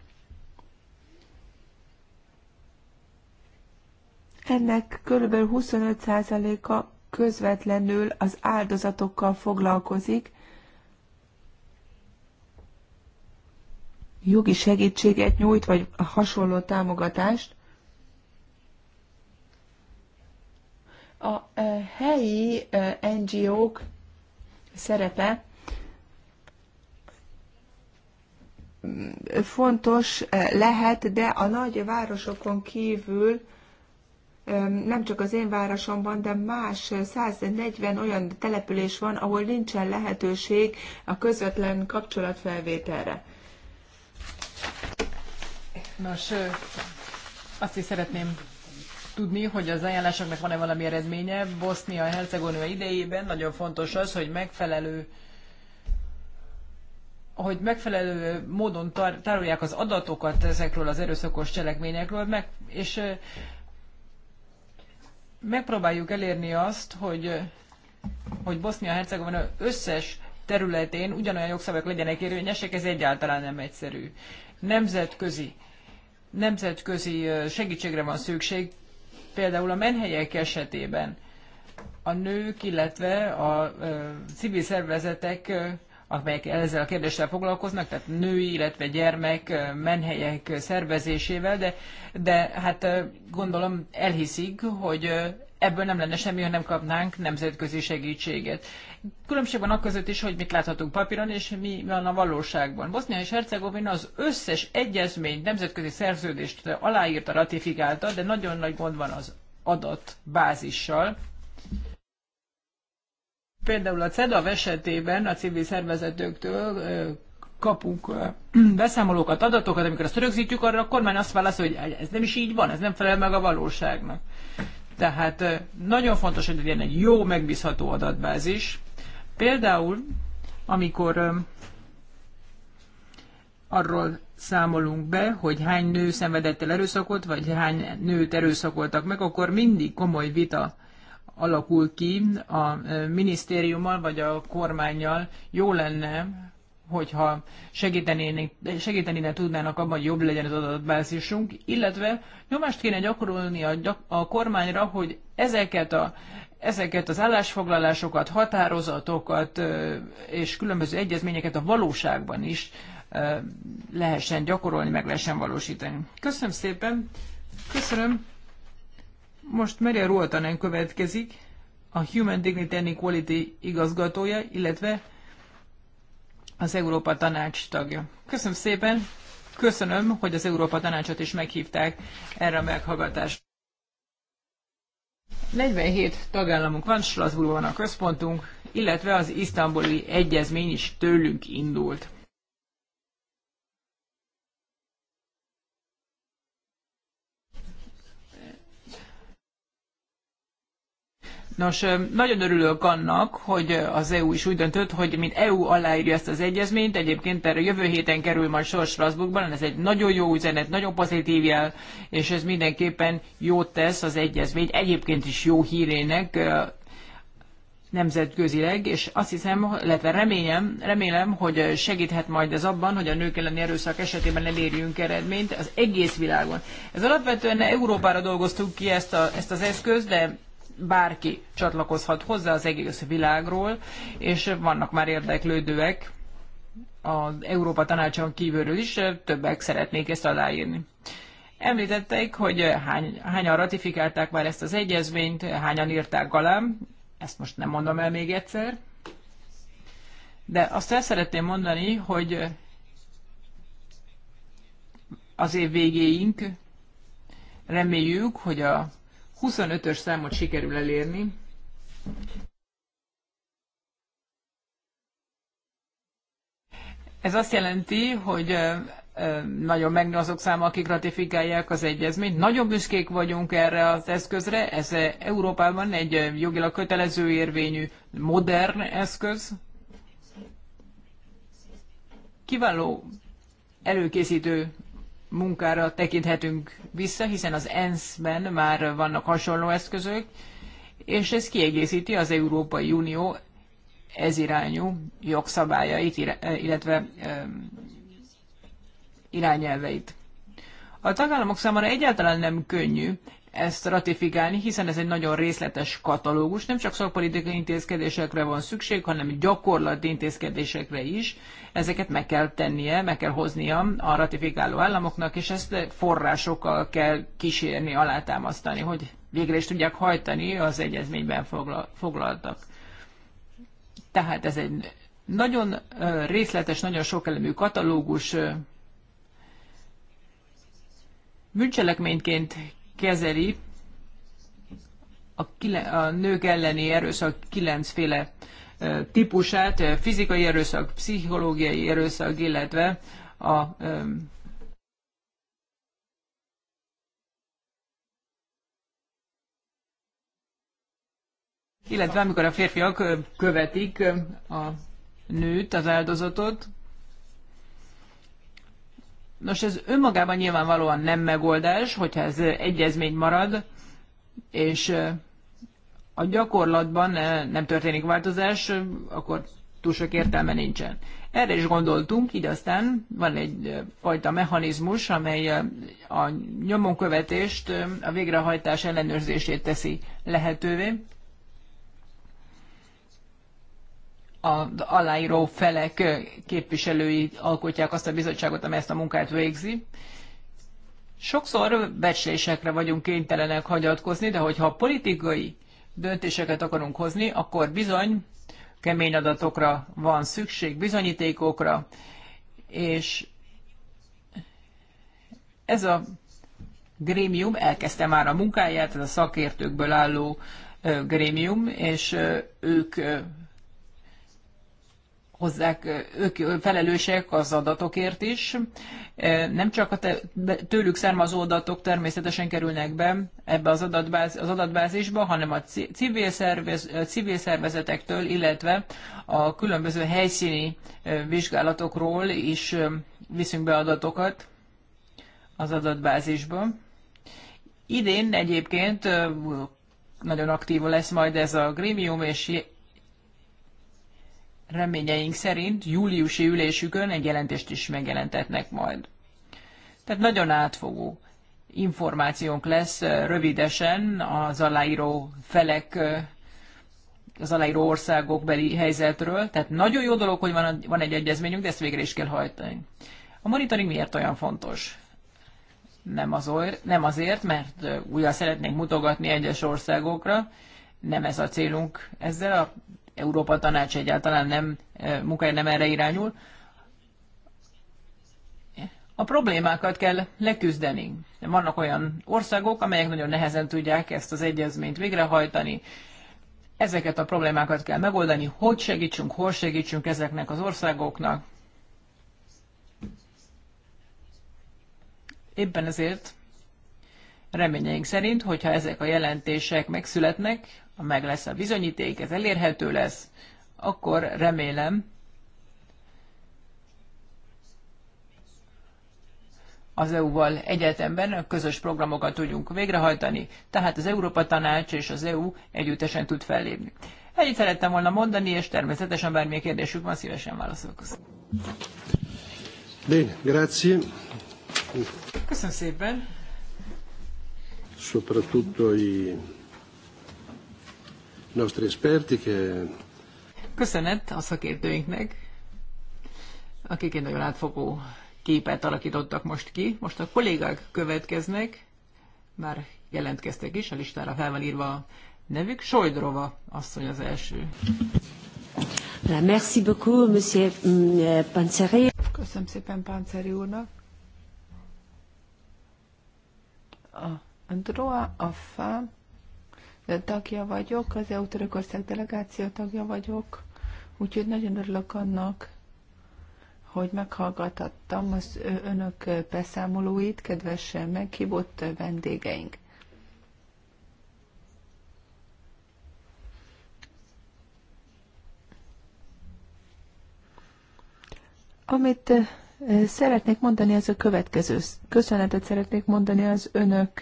Ennek kb. 25%-a közvetlenül az áldozatokkal foglalkozik, jogi segítséget nyújt, vagy hasonló támogatást. A e, helyi e, NGO-k szerepe fontos e, lehet, de a nagy városokon kívül nem csak az én városomban, de más 140 olyan település van, ahol nincsen lehetőség a közvetlen kapcsolatfelvételre. Nos, azt is szeretném tudni, hogy az ajánlásoknak van-e valami eredménye. Bosznia-Hercegovina idejében nagyon fontos az, hogy megfelelő hogy megfelelő módon tar- tárolják az adatokat ezekről az erőszakos cselekményekről, meg, és megpróbáljuk elérni azt, hogy, hogy Bosznia-Hercegovina összes területén ugyanolyan jogszabályok legyenek érvényesek, ez egyáltalán nem egyszerű. Nemzetközi, nemzetközi segítségre van szükség, például a menhelyek esetében a nők, illetve a civil szervezetek amelyek ezzel a kérdéssel foglalkoznak, tehát női, illetve gyermek menhelyek szervezésével, de, de hát gondolom elhiszik, hogy ebből nem lenne semmi, ha nem kapnánk nemzetközi segítséget. Különbség van között is, hogy mit láthatunk papíron, és mi van a valóságban. Bosznia és Hercegovina az összes egyezményt, nemzetközi szerződést aláírta, ratifikálta, de nagyon nagy gond van az adatbázissal. Például a CEDAV esetében a civil szervezetektől kapunk beszámolókat, adatokat, amikor azt rögzítjük, arra a kormány azt válaszol, hogy ez nem is így van, ez nem felel meg a valóságnak. Tehát nagyon fontos, hogy legyen egy jó, megbízható adatbázis. Például, amikor arról számolunk be, hogy hány nő szenvedett el erőszakot, vagy hány nőt erőszakoltak meg, akkor mindig komoly vita alakul ki a e, minisztériummal vagy a kormányjal. Jó lenne, hogyha segítenének, segítenének tudnának abban, hogy jobb legyen az adatbázisunk, illetve nyomást kéne gyakorolni a, gyak, a kormányra, hogy ezeket, a, ezeket az állásfoglalásokat, határozatokat e, és különböző egyezményeket a valóságban is e, lehessen gyakorolni, meg lehessen valósítani. Köszönöm szépen, köszönöm. Most Maria Ruotanen következik, a Human Dignity and Equality igazgatója, illetve az Európa Tanács tagja. Köszönöm szépen, köszönöm, hogy az Európa Tanácsot is meghívták erre a meghallgatásra. 47 tagállamunk van, Strasbourgban a központunk, illetve az isztambuli egyezmény is tőlünk indult. Nos, nagyon örülök annak, hogy az EU is úgy döntött, hogy mint EU aláírja ezt az egyezményt, egyébként erre jövő héten kerül majd sor Strasbourgban, ez egy nagyon jó üzenet, nagyon pozitív jel, és ez mindenképpen jót tesz az egyezmény, egyébként is jó hírének nemzetközileg, és azt hiszem, illetve remélem, remélem, hogy segíthet majd ez abban, hogy a nők elleni erőszak esetében elérjünk eredményt az egész világon. Ez alapvetően Európára dolgoztuk ki ezt, a, ezt az eszközt, de bárki csatlakozhat hozzá az egész világról, és vannak már érdeklődőek az Európa Tanácson kívülről is, többek szeretnék ezt aláírni. Említették, hogy hány, hányan ratifikálták már ezt az egyezményt, hányan írták alá, ezt most nem mondom el még egyszer, de azt el szeretném mondani, hogy az év végéink reméljük, hogy a 25-ös számot sikerül elérni. Ez azt jelenti, hogy nagyon megnő azok száma, akik ratifikálják az egyezményt. Nagyon büszkék vagyunk erre az eszközre. Ez Európában egy jogilag kötelező érvényű, modern eszköz. Kiváló előkészítő munkára tekinthetünk vissza, hiszen az ENSZ-ben már vannak hasonló eszközök, és ez kiegészíti az Európai Unió ez irányú jogszabályait, eh, illetve irányelveit. A tagállamok számára egyáltalán nem könnyű ezt ratifikálni, hiszen ez egy nagyon részletes katalógus, nem csak szakpolitikai intézkedésekre van szükség, hanem gyakorlati intézkedésekre is. Ezeket meg kell tennie, meg kell hoznia a ratifikáló államoknak, és ezt forrásokkal kell kísérni, alátámasztani, hogy végre is tudják hajtani az egyezményben foglaltak. Tehát ez egy nagyon részletes, nagyon sokelemű katalógus, bűncselekményként kezeli a, a nők elleni erőszak kilencféle típusát, fizikai erőszak, pszichológiai erőszak, illetve a illetve amikor a férfiak követik a nőt, az áldozatot, Nos, ez önmagában nyilvánvalóan nem megoldás, hogyha ez egyezmény marad, és a gyakorlatban nem történik változás, akkor túl sok értelme nincsen. Erre is gondoltunk, így aztán van egy fajta mechanizmus, amely a nyomonkövetést, a végrehajtás ellenőrzését teszi lehetővé. az aláíró felek képviselői alkotják azt a bizottságot, amely ezt a munkát végzi. Sokszor becslésekre vagyunk kénytelenek hagyatkozni, de hogyha politikai döntéseket akarunk hozni, akkor bizony kemény adatokra van szükség, bizonyítékokra, és ez a grémium elkezdte már a munkáját, ez a szakértőkből álló grémium, és ők hozzák, ők felelősek az adatokért is. Nem csak a tőlük származó adatok természetesen kerülnek be ebbe az, adatbáz, az adatbázisba, hanem a civil, szervez, civil szervezetektől, illetve a különböző helyszíni vizsgálatokról is viszünk be adatokat az adatbázisba. Idén egyébként nagyon aktív lesz majd ez a Grimium, és reményeink szerint júliusi ülésükön egy jelentést is megjelentetnek majd. Tehát nagyon átfogó információnk lesz rövidesen az aláíró felek az aláíró országok beli helyzetről. Tehát nagyon jó dolog, hogy van, van egy egyezményünk, de ezt végre is kell hajtani. A monitoring miért olyan fontos? Nem, az, nem azért, mert újra szeretnénk mutogatni egyes országokra, nem ez a célunk ezzel a Európa Tanács egyáltalán nem, eh, munkája nem erre irányul. A problémákat kell leküzdeni. Vannak olyan országok, amelyek nagyon nehezen tudják ezt az egyezményt végrehajtani. Ezeket a problémákat kell megoldani, hogy segítsünk, hol segítsünk ezeknek az országoknak. Éppen ezért Reményeink szerint, hogyha ezek a jelentések megszületnek, ha meg lesz a bizonyíték, ez elérhető lesz, akkor remélem, az EU-val egyetemben a közös programokat tudjunk végrehajtani, tehát az Európa Tanács és az EU együttesen tud fellépni. Ennyit szerettem volna mondani, és természetesen bármilyen kérdésük van, szívesen válaszolok. Bene, grazie. Köszönöm szépen soprattutto i nostri esperti che... Köszönet a szakértőinknek, akik egy nagyon átfogó képet alakítottak most ki. Most a kollégák következnek, már jelentkeztek is, a listára fel van írva a nevük. Sojdrova asszony az első. Merci beaucoup, monsieur mm, euh, Panceri. Köszönöm szépen Panceri úrnak. A Droa Affa tagja vagyok, az EU Törökország delegáció tagja vagyok, úgyhogy nagyon örülök annak, hogy meghallgathattam az önök beszámolóit, kedves meghívott vendégeink. Amit Szeretnék mondani az a következő. Köszönetet szeretnék mondani az önök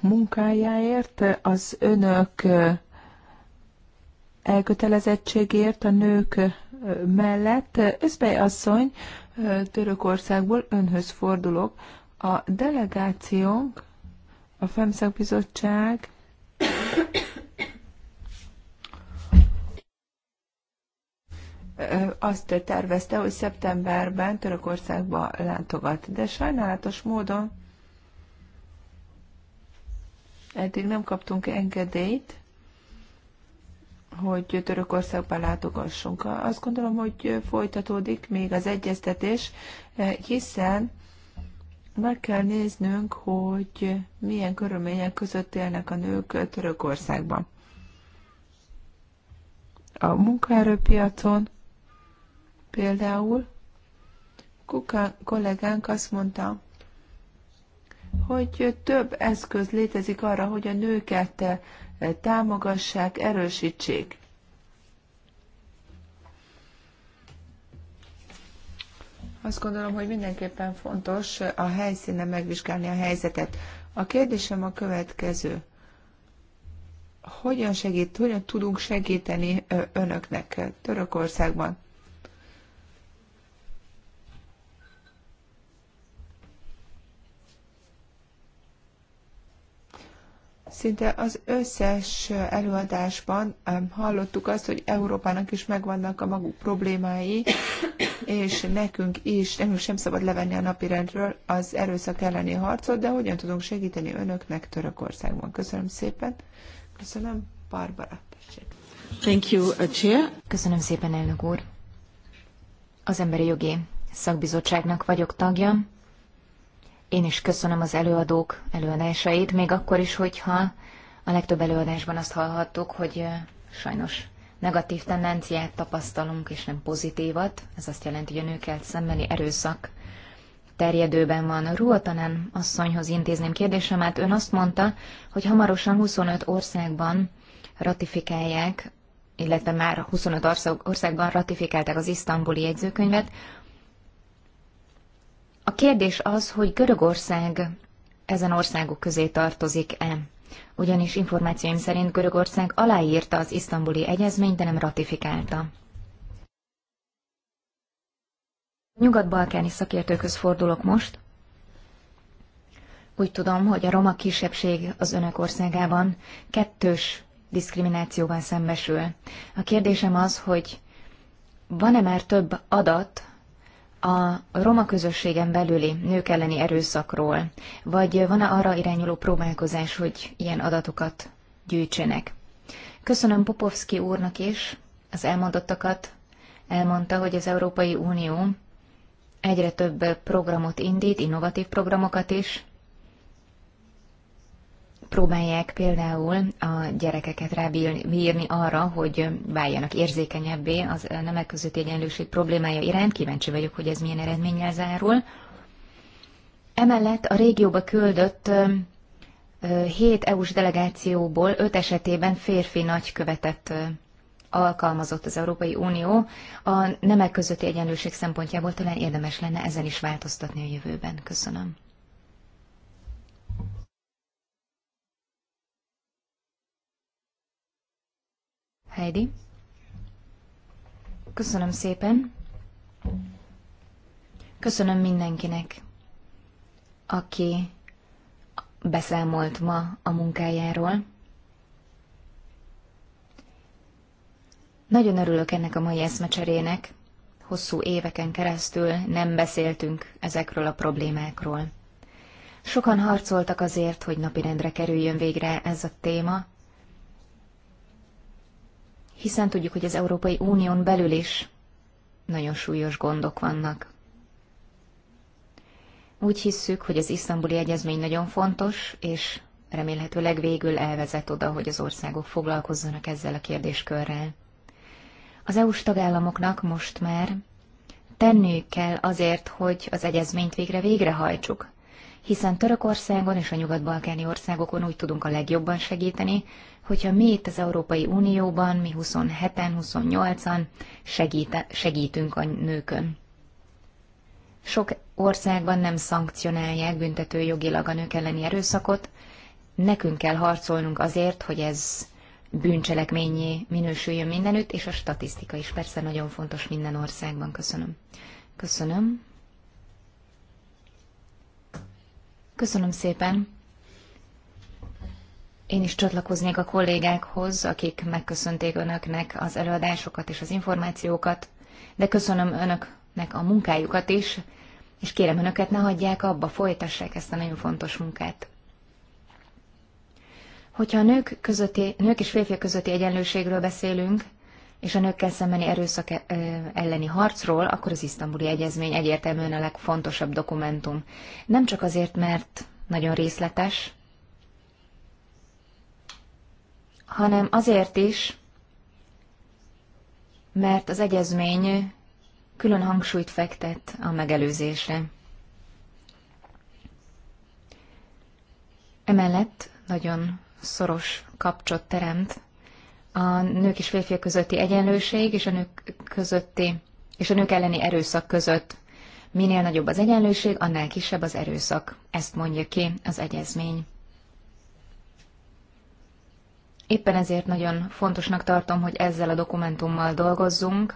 munkájáért, az önök elkötelezettségért a nők mellett. Özbej asszony, Törökországból önhöz fordulok. A delegációnk, a Femszakbizottság azt tervezte, hogy szeptemberben Törökországba látogat. De sajnálatos módon eddig nem kaptunk engedélyt, hogy Törökországba látogassunk. Azt gondolom, hogy folytatódik még az egyeztetés, hiszen meg kell néznünk, hogy milyen körülmények között élnek a nők Törökországban. A munkaerőpiacon, Például Kuka kollégánk azt mondta, hogy több eszköz létezik arra, hogy a nőket eh, támogassák, erősítsék. Azt gondolom, hogy mindenképpen fontos eh, a helyszínen megvizsgálni a helyzetet. A kérdésem a következő. Hogyan segít, hogyan tudunk segíteni eh, önöknek Törökországban? Szinte az összes előadásban hallottuk azt, hogy Európának is megvannak a maguk problémái, és nekünk is, nekünk sem szabad levenni a napirendről az erőszak elleni harcot, de hogyan tudunk segíteni önöknek Törökországban. Köszönöm szépen. Köszönöm, Barbara. Tessék. Thank you, uh, Chair. Köszönöm szépen, elnök úr. Az Emberi Jogi Szakbizottságnak vagyok tagja én is köszönöm az előadók előadásait, még akkor is, hogyha a legtöbb előadásban azt hallhattuk, hogy sajnos negatív tendenciát tapasztalunk, és nem pozitívat. Ez azt jelenti, hogy a nőkkel szembeni erőszak terjedőben van. Ruotanen asszonyhoz intézném kérdésemet. Ön azt mondta, hogy hamarosan 25 országban ratifikálják, illetve már 25 országban ratifikálták az isztambuli jegyzőkönyvet. A kérdés az, hogy Görögország ezen országok közé tartozik-e. Ugyanis információim szerint Görögország aláírta az isztambuli egyezményt, de nem ratifikálta. Nyugat-balkáni szakértőköz fordulok most. Úgy tudom, hogy a roma kisebbség az önök országában kettős diszkriminációban szembesül. A kérdésem az, hogy van-e már több adat a roma közösségen belüli nők elleni erőszakról, vagy van-e arra irányuló próbálkozás, hogy ilyen adatokat gyűjtsenek? Köszönöm Popovski úrnak is az elmondottakat. Elmondta, hogy az Európai Unió egyre több programot indít, innovatív programokat is, próbálják például a gyerekeket rábírni arra, hogy váljanak érzékenyebbé az nemek közötti egyenlőség problémája iránt. Kíváncsi vagyok, hogy ez milyen eredménnyel zárul. Emellett a régióba küldött 7 EU-s delegációból 5 esetében férfi nagykövetet alkalmazott az Európai Unió. A nemek közötti egyenlőség szempontjából talán érdemes lenne ezen is változtatni a jövőben. Köszönöm. Heidi. Köszönöm szépen. Köszönöm mindenkinek, aki beszámolt ma a munkájáról. Nagyon örülök ennek a mai eszmecserének. Hosszú éveken keresztül nem beszéltünk ezekről a problémákról. Sokan harcoltak azért, hogy napirendre kerüljön végre ez a téma, hiszen tudjuk, hogy az Európai Unión belül is nagyon súlyos gondok vannak. Úgy hisszük, hogy az isztambuli egyezmény nagyon fontos, és remélhetőleg végül elvezet oda, hogy az országok foglalkozzanak ezzel a kérdéskörrel. Az EU-s tagállamoknak most már tennük kell azért, hogy az egyezményt végre végrehajtsuk, hiszen Törökországon és a nyugat-balkáni országokon úgy tudunk a legjobban segíteni, hogyha mi itt az Európai Unióban, mi 27-en, 28-an segít, segítünk a nőkön. Sok országban nem szankcionálják büntető jogilag a nők elleni erőszakot, nekünk kell harcolnunk azért, hogy ez bűncselekményé minősüljön mindenütt, és a statisztika is persze nagyon fontos minden országban. Köszönöm. Köszönöm. Köszönöm szépen. Én is csatlakoznék a kollégákhoz, akik megköszönték önöknek az előadásokat és az információkat, de köszönöm önöknek a munkájukat is, és kérem önöket ne hagyják abba, folytassák ezt a nagyon fontos munkát. Hogyha a nők, közötti, nők és férfiak közötti egyenlőségről beszélünk, és a nőkkel szembeni erőszak elleni harcról, akkor az isztambuli egyezmény egyértelműen a legfontosabb dokumentum. Nem csak azért, mert nagyon részletes, hanem azért is, mert az egyezmény külön hangsúlyt fektet a megelőzésre. Emellett nagyon szoros kapcsot teremt a nők és férfiak közötti egyenlőség és a nők közötti és a nők elleni erőszak között. Minél nagyobb az egyenlőség, annál kisebb az erőszak. Ezt mondja ki az egyezmény. Éppen ezért nagyon fontosnak tartom, hogy ezzel a dokumentummal dolgozzunk,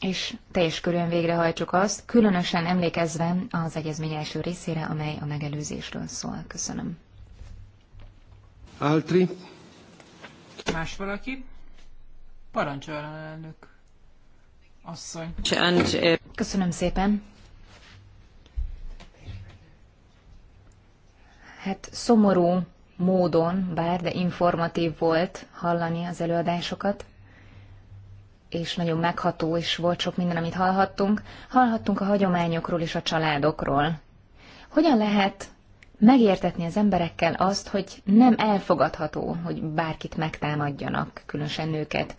és teljes körön végrehajtsuk azt, különösen emlékezve az egyezmény első részére, amely a megelőzésről szól. Köszönöm. Altri? Más valaki? Parancsoljon elnök. Asszony. Köszönöm szépen. Hát szomorú módon, bár de informatív volt hallani az előadásokat, és nagyon megható is volt sok minden, amit hallhattunk. Hallhattunk a hagyományokról és a családokról. Hogyan lehet megértetni az emberekkel azt, hogy nem elfogadható, hogy bárkit megtámadjanak, különösen nőket.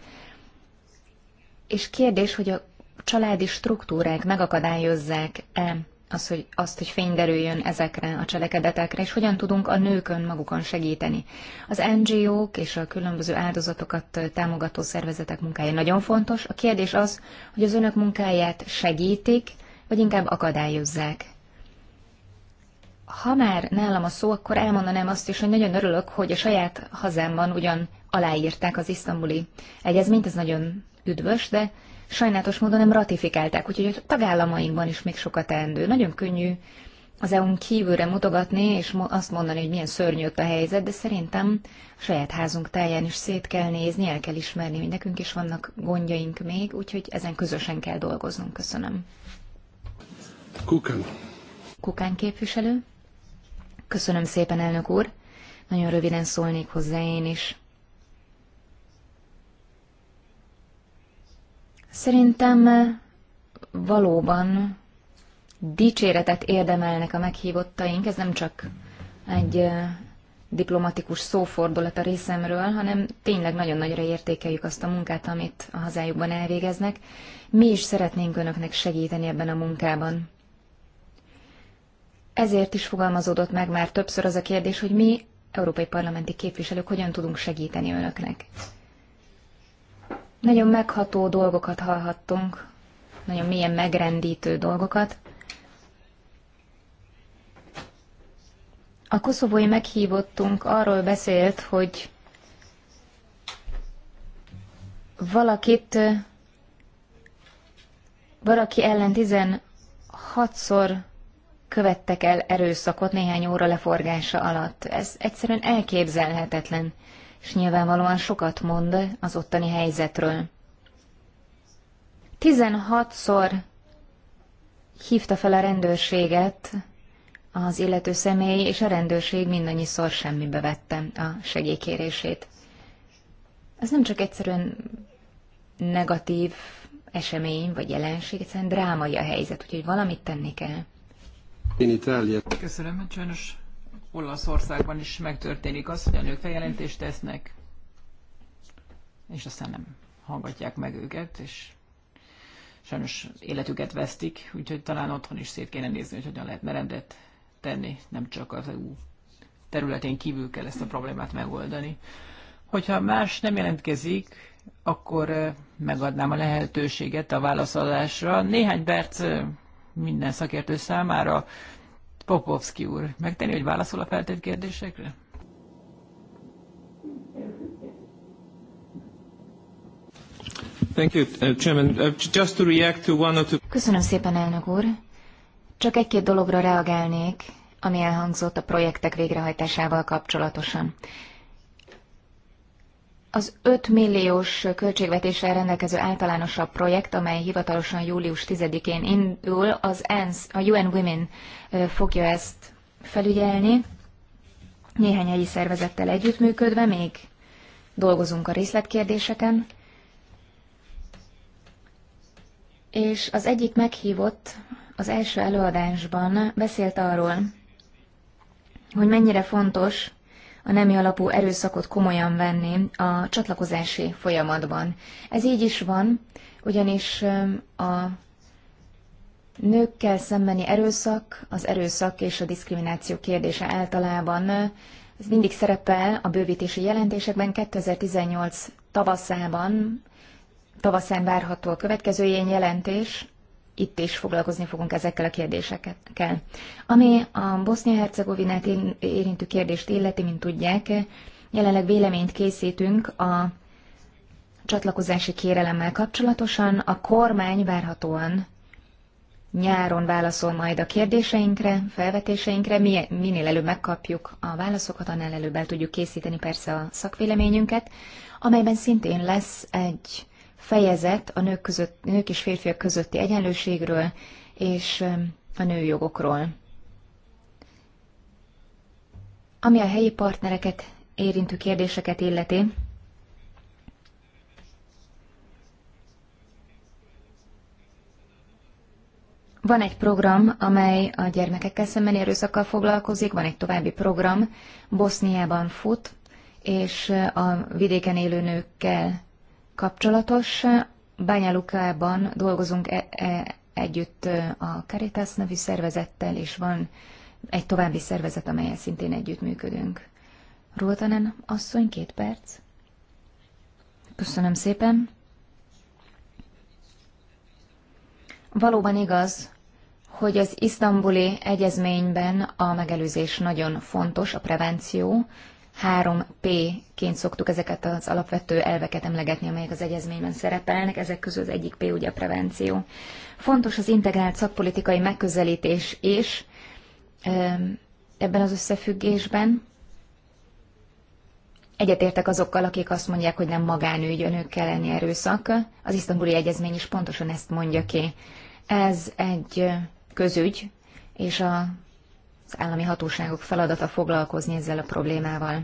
És kérdés, hogy a családi struktúrák megakadályozzák-e az, hogy, azt, hogy fény derüljön ezekre a cselekedetekre, és hogyan tudunk a nőkön magukon segíteni. Az NGO-k és a különböző áldozatokat támogató szervezetek munkája nagyon fontos. A kérdés az, hogy az önök munkáját segítik, vagy inkább akadályozzák. Ha már nálam a szó, akkor elmondanám azt is, hogy nagyon örülök, hogy a saját hazámban ugyan aláírták az isztambuli egyezményt, ez nagyon üdvös, de sajnálatos módon nem ratifikálták, úgyhogy a tagállamainkban is még sokat teendő. Nagyon könnyű az EU-n kívülre mutogatni, és azt mondani, hogy milyen szörnyű ott a helyzet, de szerintem a saját házunk táján is szét kell nézni, el kell ismerni, hogy nekünk is vannak gondjaink még, úgyhogy ezen közösen kell dolgoznunk. Köszönöm. Kukán. Kukán képviselő. Köszönöm szépen, elnök úr. Nagyon röviden szólnék hozzá én is. Szerintem eh, valóban dicséretet érdemelnek a meghívottaink, ez nem csak egy eh, diplomatikus szófordulat a részemről, hanem tényleg nagyon nagyra értékeljük azt a munkát, amit a hazájukban elvégeznek. Mi is szeretnénk önöknek segíteni ebben a munkában. Ezért is fogalmazódott meg már többször az a kérdés, hogy mi, európai parlamenti képviselők, hogyan tudunk segíteni önöknek. Nagyon megható dolgokat hallhattunk, nagyon mélyen megrendítő dolgokat. A koszovói meghívottunk arról beszélt, hogy valakit, valaki ellen 16-szor követtek el erőszakot néhány óra leforgása alatt. Ez egyszerűen elképzelhetetlen és nyilvánvalóan sokat mond az ottani helyzetről. 16-szor hívta fel a rendőrséget az illető személy, és a rendőrség mindannyiszor semmibe vette a segélykérését. Ez nem csak egyszerűen negatív esemény vagy jelenség, egyszerűen drámai a helyzet, úgyhogy valamit tenni kell. Én Itália. Köszönöm, hogy hát sajnos Olaszországban is megtörténik az, hogy a nők feljelentést tesznek, és aztán nem hallgatják meg őket, és sajnos életüket vesztik, úgyhogy talán otthon is szét kéne nézni, hogy hogyan lehetne rendet tenni, nem csak az EU területén kívül kell ezt a problémát megoldani. Hogyha más nem jelentkezik, akkor megadnám a lehetőséget a válaszadásra. Néhány perc minden szakértő számára Popovski úr, megtenni, hogy válaszol a feltett kérdésekre? Thank you, uh, Chairman. Uh, just to react to one or two... Köszönöm szépen, elnök úr. Csak egy-két dologra reagálnék, ami elhangzott a projektek végrehajtásával kapcsolatosan. Az 5 milliós költségvetéssel rendelkező általánosabb projekt, amely hivatalosan július 10-én indul, az ENSZ, a UN Women fogja ezt felügyelni, néhány helyi szervezettel együttműködve, még dolgozunk a részletkérdéseken. És az egyik meghívott az első előadásban beszélt arról, hogy mennyire fontos a nemi alapú erőszakot komolyan venni a csatlakozási folyamatban. Ez így is van, ugyanis a nőkkel szembeni erőszak, az erőszak és a diszkrimináció kérdése általában ez mindig szerepel a bővítési jelentésekben 2018 tavaszában, tavaszán várható a következő ilyen jelentés, itt is foglalkozni fogunk ezekkel a kérdésekkel. Ami a Bosznia-Hercegovinát érintő kérdést illeti, mint tudják, jelenleg véleményt készítünk a csatlakozási kérelemmel kapcsolatosan. A kormány várhatóan nyáron válaszol majd a kérdéseinkre, felvetéseinkre. Mi, minél előbb megkapjuk a válaszokat, annál előbb el tudjuk készíteni persze a szakvéleményünket, amelyben szintén lesz egy fejezet a nők, között, nők és férfiak közötti egyenlőségről és a nőjogokról. Ami a helyi partnereket érintő kérdéseket illeti, Van egy program, amely a gyermekekkel szembeni erőszakkal foglalkozik, van egy további program, Boszniában fut, és eh, a vidéken élő nőkkel kapcsolatos. Bányalukában dolgozunk e- e- együtt a Caritas nevű szervezettel, és van egy további szervezet, amelyel szintén együttműködünk. Rótanen asszony, két perc. Köszönöm szépen. Valóban igaz, hogy az isztambuli egyezményben a megelőzés nagyon fontos, a prevenció, 3P-ként szoktuk ezeket az alapvető elveket emlegetni, amelyek az egyezményben szerepelnek, ezek közül az egyik P ugye a prevenció. Fontos az integrált szakpolitikai megközelítés is ebben az összefüggésben. Egyetértek azokkal, akik azt mondják, hogy nem magánügy önök nőkkel lenni erőszak. Az isztambuli egyezmény is pontosan ezt mondja ki. Ez egy közügy, és a az állami hatóságok feladata foglalkozni ezzel a problémával.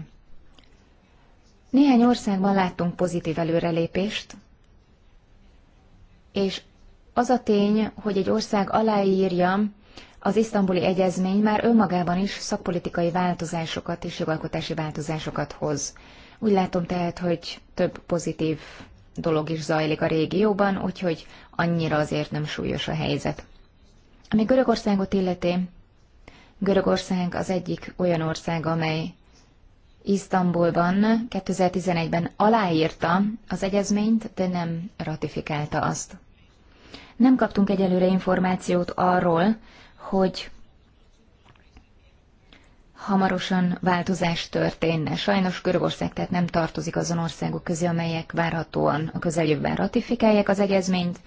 Néhány országban láttunk pozitív előrelépést, és az a tény, hogy egy ország aláírja az isztambuli egyezmény már önmagában is szakpolitikai változásokat és jogalkotási változásokat hoz. Úgy látom tehát, hogy több pozitív dolog is zajlik a régióban, úgyhogy annyira azért nem súlyos a helyzet. Ami Görögországot illeti, Görögország az egyik olyan ország, amely Isztambulban 2011-ben aláírta az egyezményt, de nem ratifikálta azt. Nem kaptunk egyelőre információt arról, hogy hamarosan változás történne. Sajnos Görögország tehát nem tartozik azon országok közé, amelyek várhatóan a közeljövőben ratifikálják az egyezményt,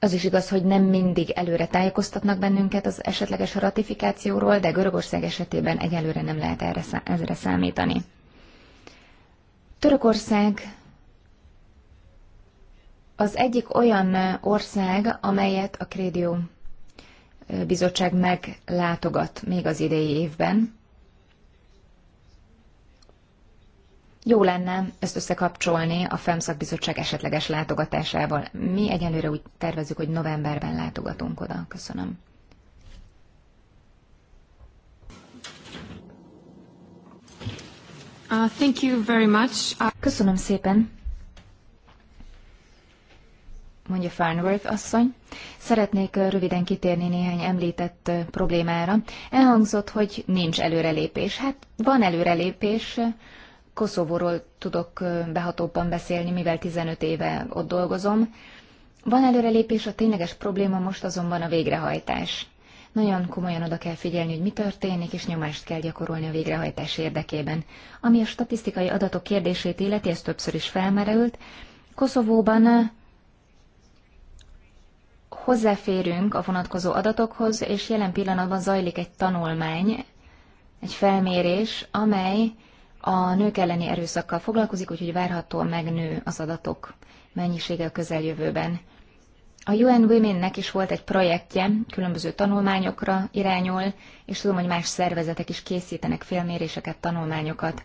az is igaz, hogy nem mindig előre tájékoztatnak bennünket az esetleges ratifikációról, de Görögország esetében egyelőre nem lehet erre, ezre számítani. Törökország az egyik olyan ország, amelyet a Krédió bizottság meglátogat még az idei évben. jó lenne ezt összekapcsolni a FEM szakbizottság esetleges látogatásával. Mi egyelőre úgy tervezzük, hogy novemberben látogatunk oda. Köszönöm. Uh, thank you very much. Uh, Köszönöm szépen, mondja Farnworth asszony. Szeretnék uh, röviden kitérni néhány említett uh, problémára. Elhangzott, hogy nincs előrelépés. Hát van előrelépés, Koszovóról tudok behatóbban beszélni, mivel 15 éve ott dolgozom. Van előrelépés, a tényleges probléma most azonban a végrehajtás. Nagyon komolyan oda kell figyelni, hogy mi történik, és nyomást kell gyakorolni a végrehajtás érdekében. Ami a statisztikai adatok kérdését illeti, ez többször is felmerült, Koszovóban hozzáférünk a vonatkozó adatokhoz, és jelen pillanatban zajlik egy tanulmány, egy felmérés, amely a nők elleni erőszakkal foglalkozik, úgyhogy várhatóan megnő az adatok mennyisége a közeljövőben. A UN Women-nek is volt egy projektje, különböző tanulmányokra irányul, és tudom, hogy más szervezetek is készítenek félméréseket, tanulmányokat.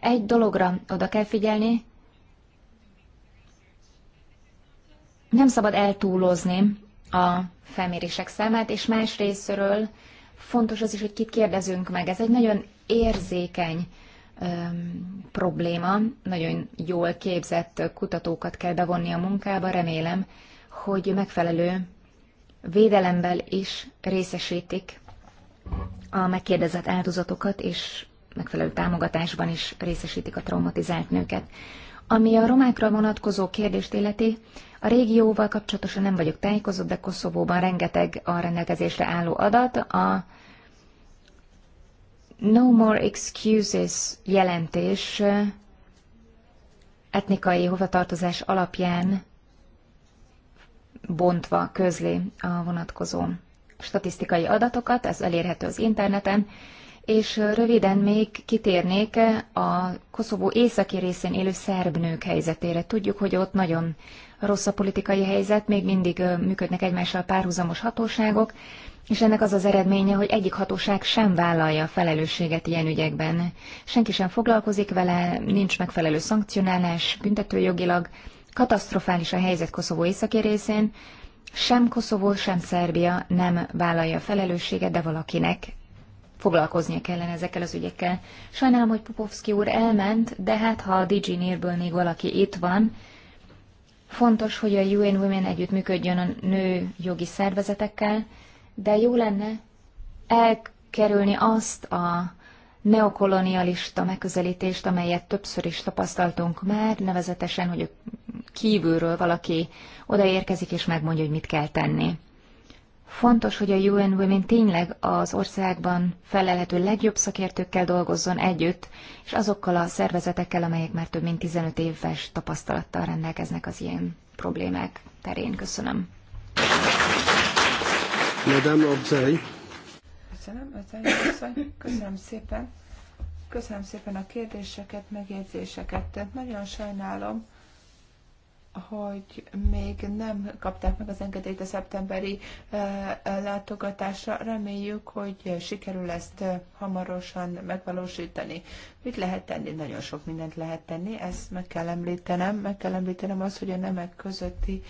Egy dologra oda kell figyelni, nem szabad eltúlozni a felmérések számát, és más részről fontos az is, hogy kit kérdezünk meg. Ez egy nagyon érzékeny öm, probléma. Nagyon jól képzett kutatókat kell bevonni a munkába. Remélem, hogy megfelelő védelemmel is részesítik a megkérdezett áldozatokat, és megfelelő támogatásban is részesítik a traumatizált nőket. Ami a romákra vonatkozó kérdést illeti, a régióval kapcsolatosan nem vagyok tájékozott, de Koszovóban rengeteg a rendelkezésre álló adat. A No More Excuses jelentés etnikai hovatartozás alapján bontva közli a vonatkozó statisztikai adatokat, ez elérhető az interneten, és röviden még kitérnék a Koszovó északi részén élő szerb nők helyzetére. Tudjuk, hogy ott nagyon rossz a politikai helyzet, még mindig működnek egymással párhuzamos hatóságok, és ennek az az eredménye, hogy egyik hatóság sem vállalja a felelősséget ilyen ügyekben. Senki sem foglalkozik vele, nincs megfelelő szankcionálás, büntetőjogilag. Katasztrofális a helyzet Koszovó északi részén. Sem Koszovó, sem Szerbia nem vállalja a felelősséget, de valakinek foglalkoznia kellene ezekkel az ügyekkel. Sajnálom, hogy Popovski úr elment, de hát ha a Diginérből még valaki itt van, fontos, hogy a UN Women együttműködjön a nő jogi szervezetekkel, de jó lenne elkerülni azt a neokolonialista megközelítést, amelyet többször is tapasztaltunk már, nevezetesen, hogy kívülről valaki odaérkezik és megmondja, hogy mit kell tenni. Fontos, hogy a UN Women tényleg az országban felelhető legjobb szakértőkkel dolgozzon együtt, és azokkal a szervezetekkel, amelyek már több mint 15 éves tapasztalattal rendelkeznek az ilyen problémák terén. Köszönöm. Madame Obzai. Köszönöm, Obzai Köszönöm szépen. Köszönöm szépen a kérdéseket, megjegyzéseket. Nagyon sajnálom, hogy még nem kapták meg az engedélyt a szeptemberi eh, eh, látogatásra. Reméljük, hogy sikerül ezt eh, hamarosan megvalósítani. Mit lehet tenni? Nagyon sok mindent lehet tenni, ezt meg kell említenem. Meg kell említenem azt, hogy a nemek közötti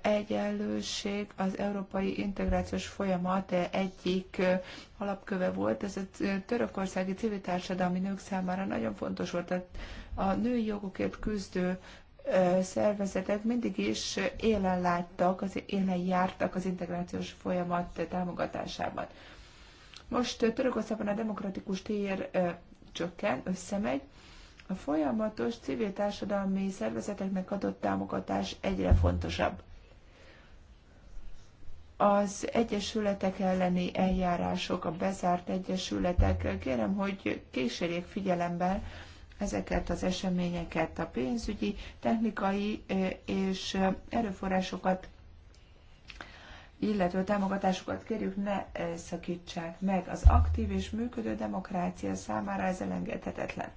egyenlőség az európai integrációs folyamat egyik alapköve volt. Ez a törökországi civil társadalmi nők számára nagyon fontos volt. Tehát a női jogokért küzdő szervezetek mindig is élen láttak, az élen jártak az integrációs folyamat támogatásában. Most Törökországban a demokratikus tér csökken, összemegy, a folyamatos civil társadalmi szervezeteknek adott támogatás egyre fontosabb. Az egyesületek elleni eljárások, a bezárt egyesületek, kérem, hogy kísérjék figyelembe ezeket az eseményeket, a pénzügyi, technikai és erőforrásokat illetve támogatásokat kérjük, ne szakítsák meg. Az aktív és működő demokrácia számára ez elengedhetetlen.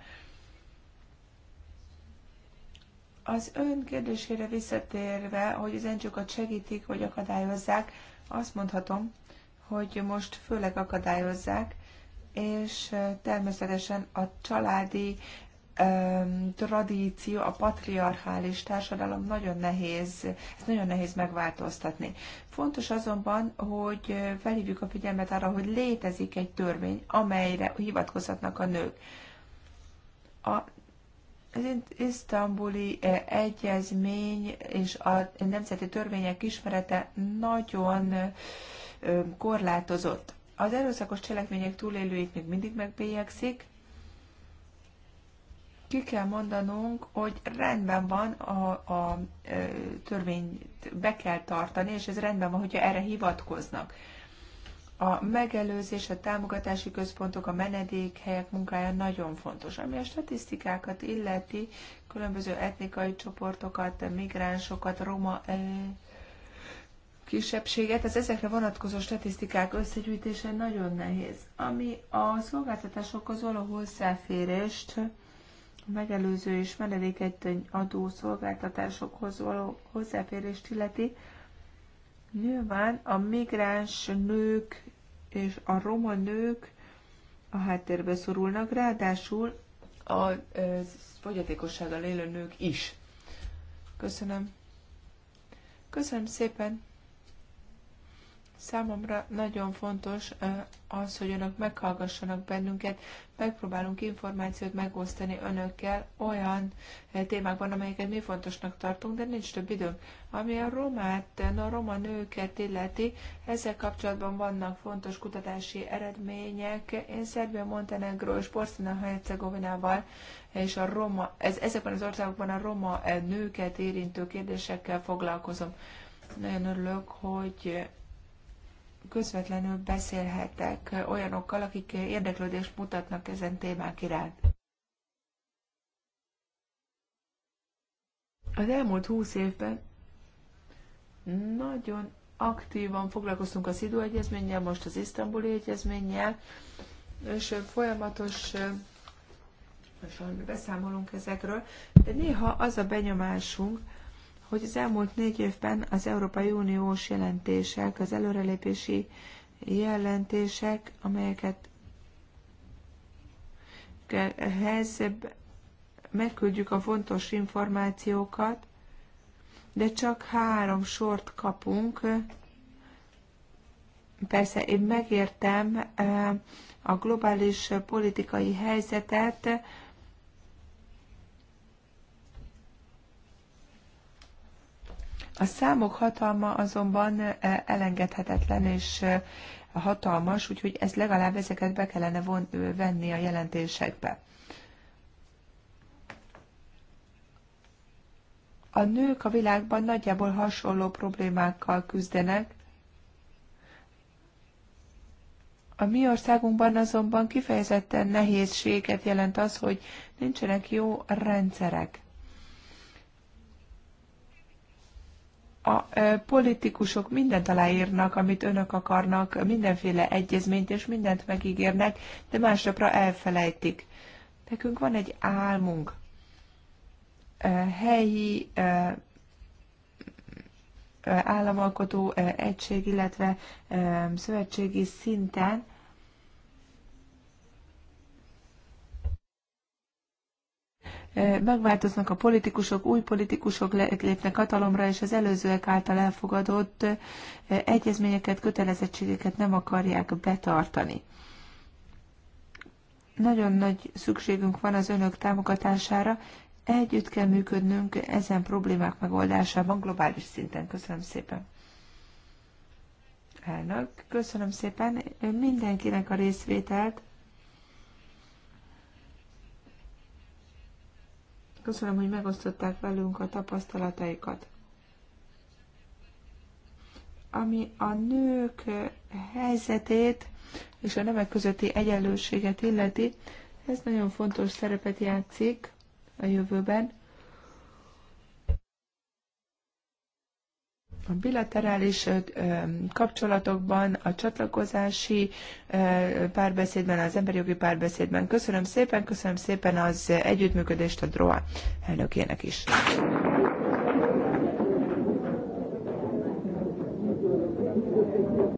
Az ön kérdésére visszatérve, hogy az ngo segítik vagy akadályozzák, azt mondhatom, hogy most főleg akadályozzák, és természetesen a családi um, tradíció, a patriarchális társadalom nagyon nehéz, ez nagyon nehéz megváltoztatni. Fontos azonban, hogy felhívjuk a figyelmet arra, hogy létezik egy törvény, amelyre hivatkozhatnak a nők. A az isztambuli eh, egyezmény és a nemzeti törvények ismerete nagyon eh, eh, korlátozott. Az erőszakos cselekmények túlélőit még mindig megbélyegzik. Ki kell mondanunk, hogy rendben van, a, a törvényt be kell tartani, és ez rendben van, hogyha erre hivatkoznak a megelőzés, a támogatási központok, a menedékhelyek munkája nagyon fontos. Ami a statisztikákat illeti, különböző etnikai csoportokat, migránsokat, roma kisebbséget, az ezekre vonatkozó statisztikák összegyűjtése nagyon nehéz. Ami a szolgáltatásokhoz való hozzáférést, megelőző és menedéket adó szolgáltatásokhoz való hozzáférést illeti, Nyilván a migráns nők és a roma nők a háttérbe szorulnak, ráadásul a fogyatékossággal élő nők is. Köszönöm. Köszönöm szépen. Számomra nagyon fontos az, hogy önök meghallgassanak bennünket, megpróbálunk információt megosztani önökkel olyan témákban, amelyeket mi fontosnak tartunk, de nincs több időnk. Ami a romát, a roma nőket illeti, ezzel kapcsolatban vannak fontos kutatási eredmények. Én Szerbia, Montenegro és Bosznia Hercegovinával és a roma, ez, ezekben az országokban a roma nőket érintő kérdésekkel foglalkozom. Nagyon örülök, hogy közvetlenül beszélhetek olyanokkal, akik érdeklődést mutatnak ezen témák iránt. Az elmúlt húsz évben nagyon aktívan foglalkoztunk a Szidó egyezménnyel, most az isztambuli egyezménnyel, és folyamatos beszámolunk ezekről, de néha az a benyomásunk, hogy az elmúlt négy évben az Európai Uniós jelentések, az előrelépési jelentések, amelyeket ehhez megküldjük a fontos információkat, de csak három sort kapunk. Persze én megértem eh, a globális politikai helyzetet, A számok hatalma azonban e, elengedhetetlen és e, hatalmas, úgyhogy ez legalább ezeket be kellene von, venni a jelentésekbe. A nők a világban nagyjából hasonló problémákkal küzdenek, a mi országunkban azonban kifejezetten nehézséget jelent az, hogy nincsenek jó rendszerek. a politikusok mindent aláírnak, amit önök akarnak, mindenféle egyezményt és mindent megígérnek, de másnapra elfelejtik. Nekünk van egy álmunk. Helyi államalkotó egység, illetve szövetségi szinten megváltoznak a politikusok, új politikusok lépnek hatalomra, és az előzőek által elfogadott egyezményeket, kötelezettségeket nem akarják betartani. Nagyon nagy szükségünk van az önök támogatására, együtt kell működnünk ezen problémák megoldásában globális szinten. Köszönöm szépen. Elnök, köszönöm szépen mindenkinek a részvételt Köszönöm, hogy megosztották velünk a tapasztalataikat. Ami a nők helyzetét és a nemek közötti egyenlőséget illeti, ez nagyon fontos szerepet játszik a jövőben. A bilaterális kapcsolatokban, a csatlakozási párbeszédben, az emberi jogi párbeszédben. Köszönöm szépen, köszönöm szépen az együttműködést a DROA elnökének is.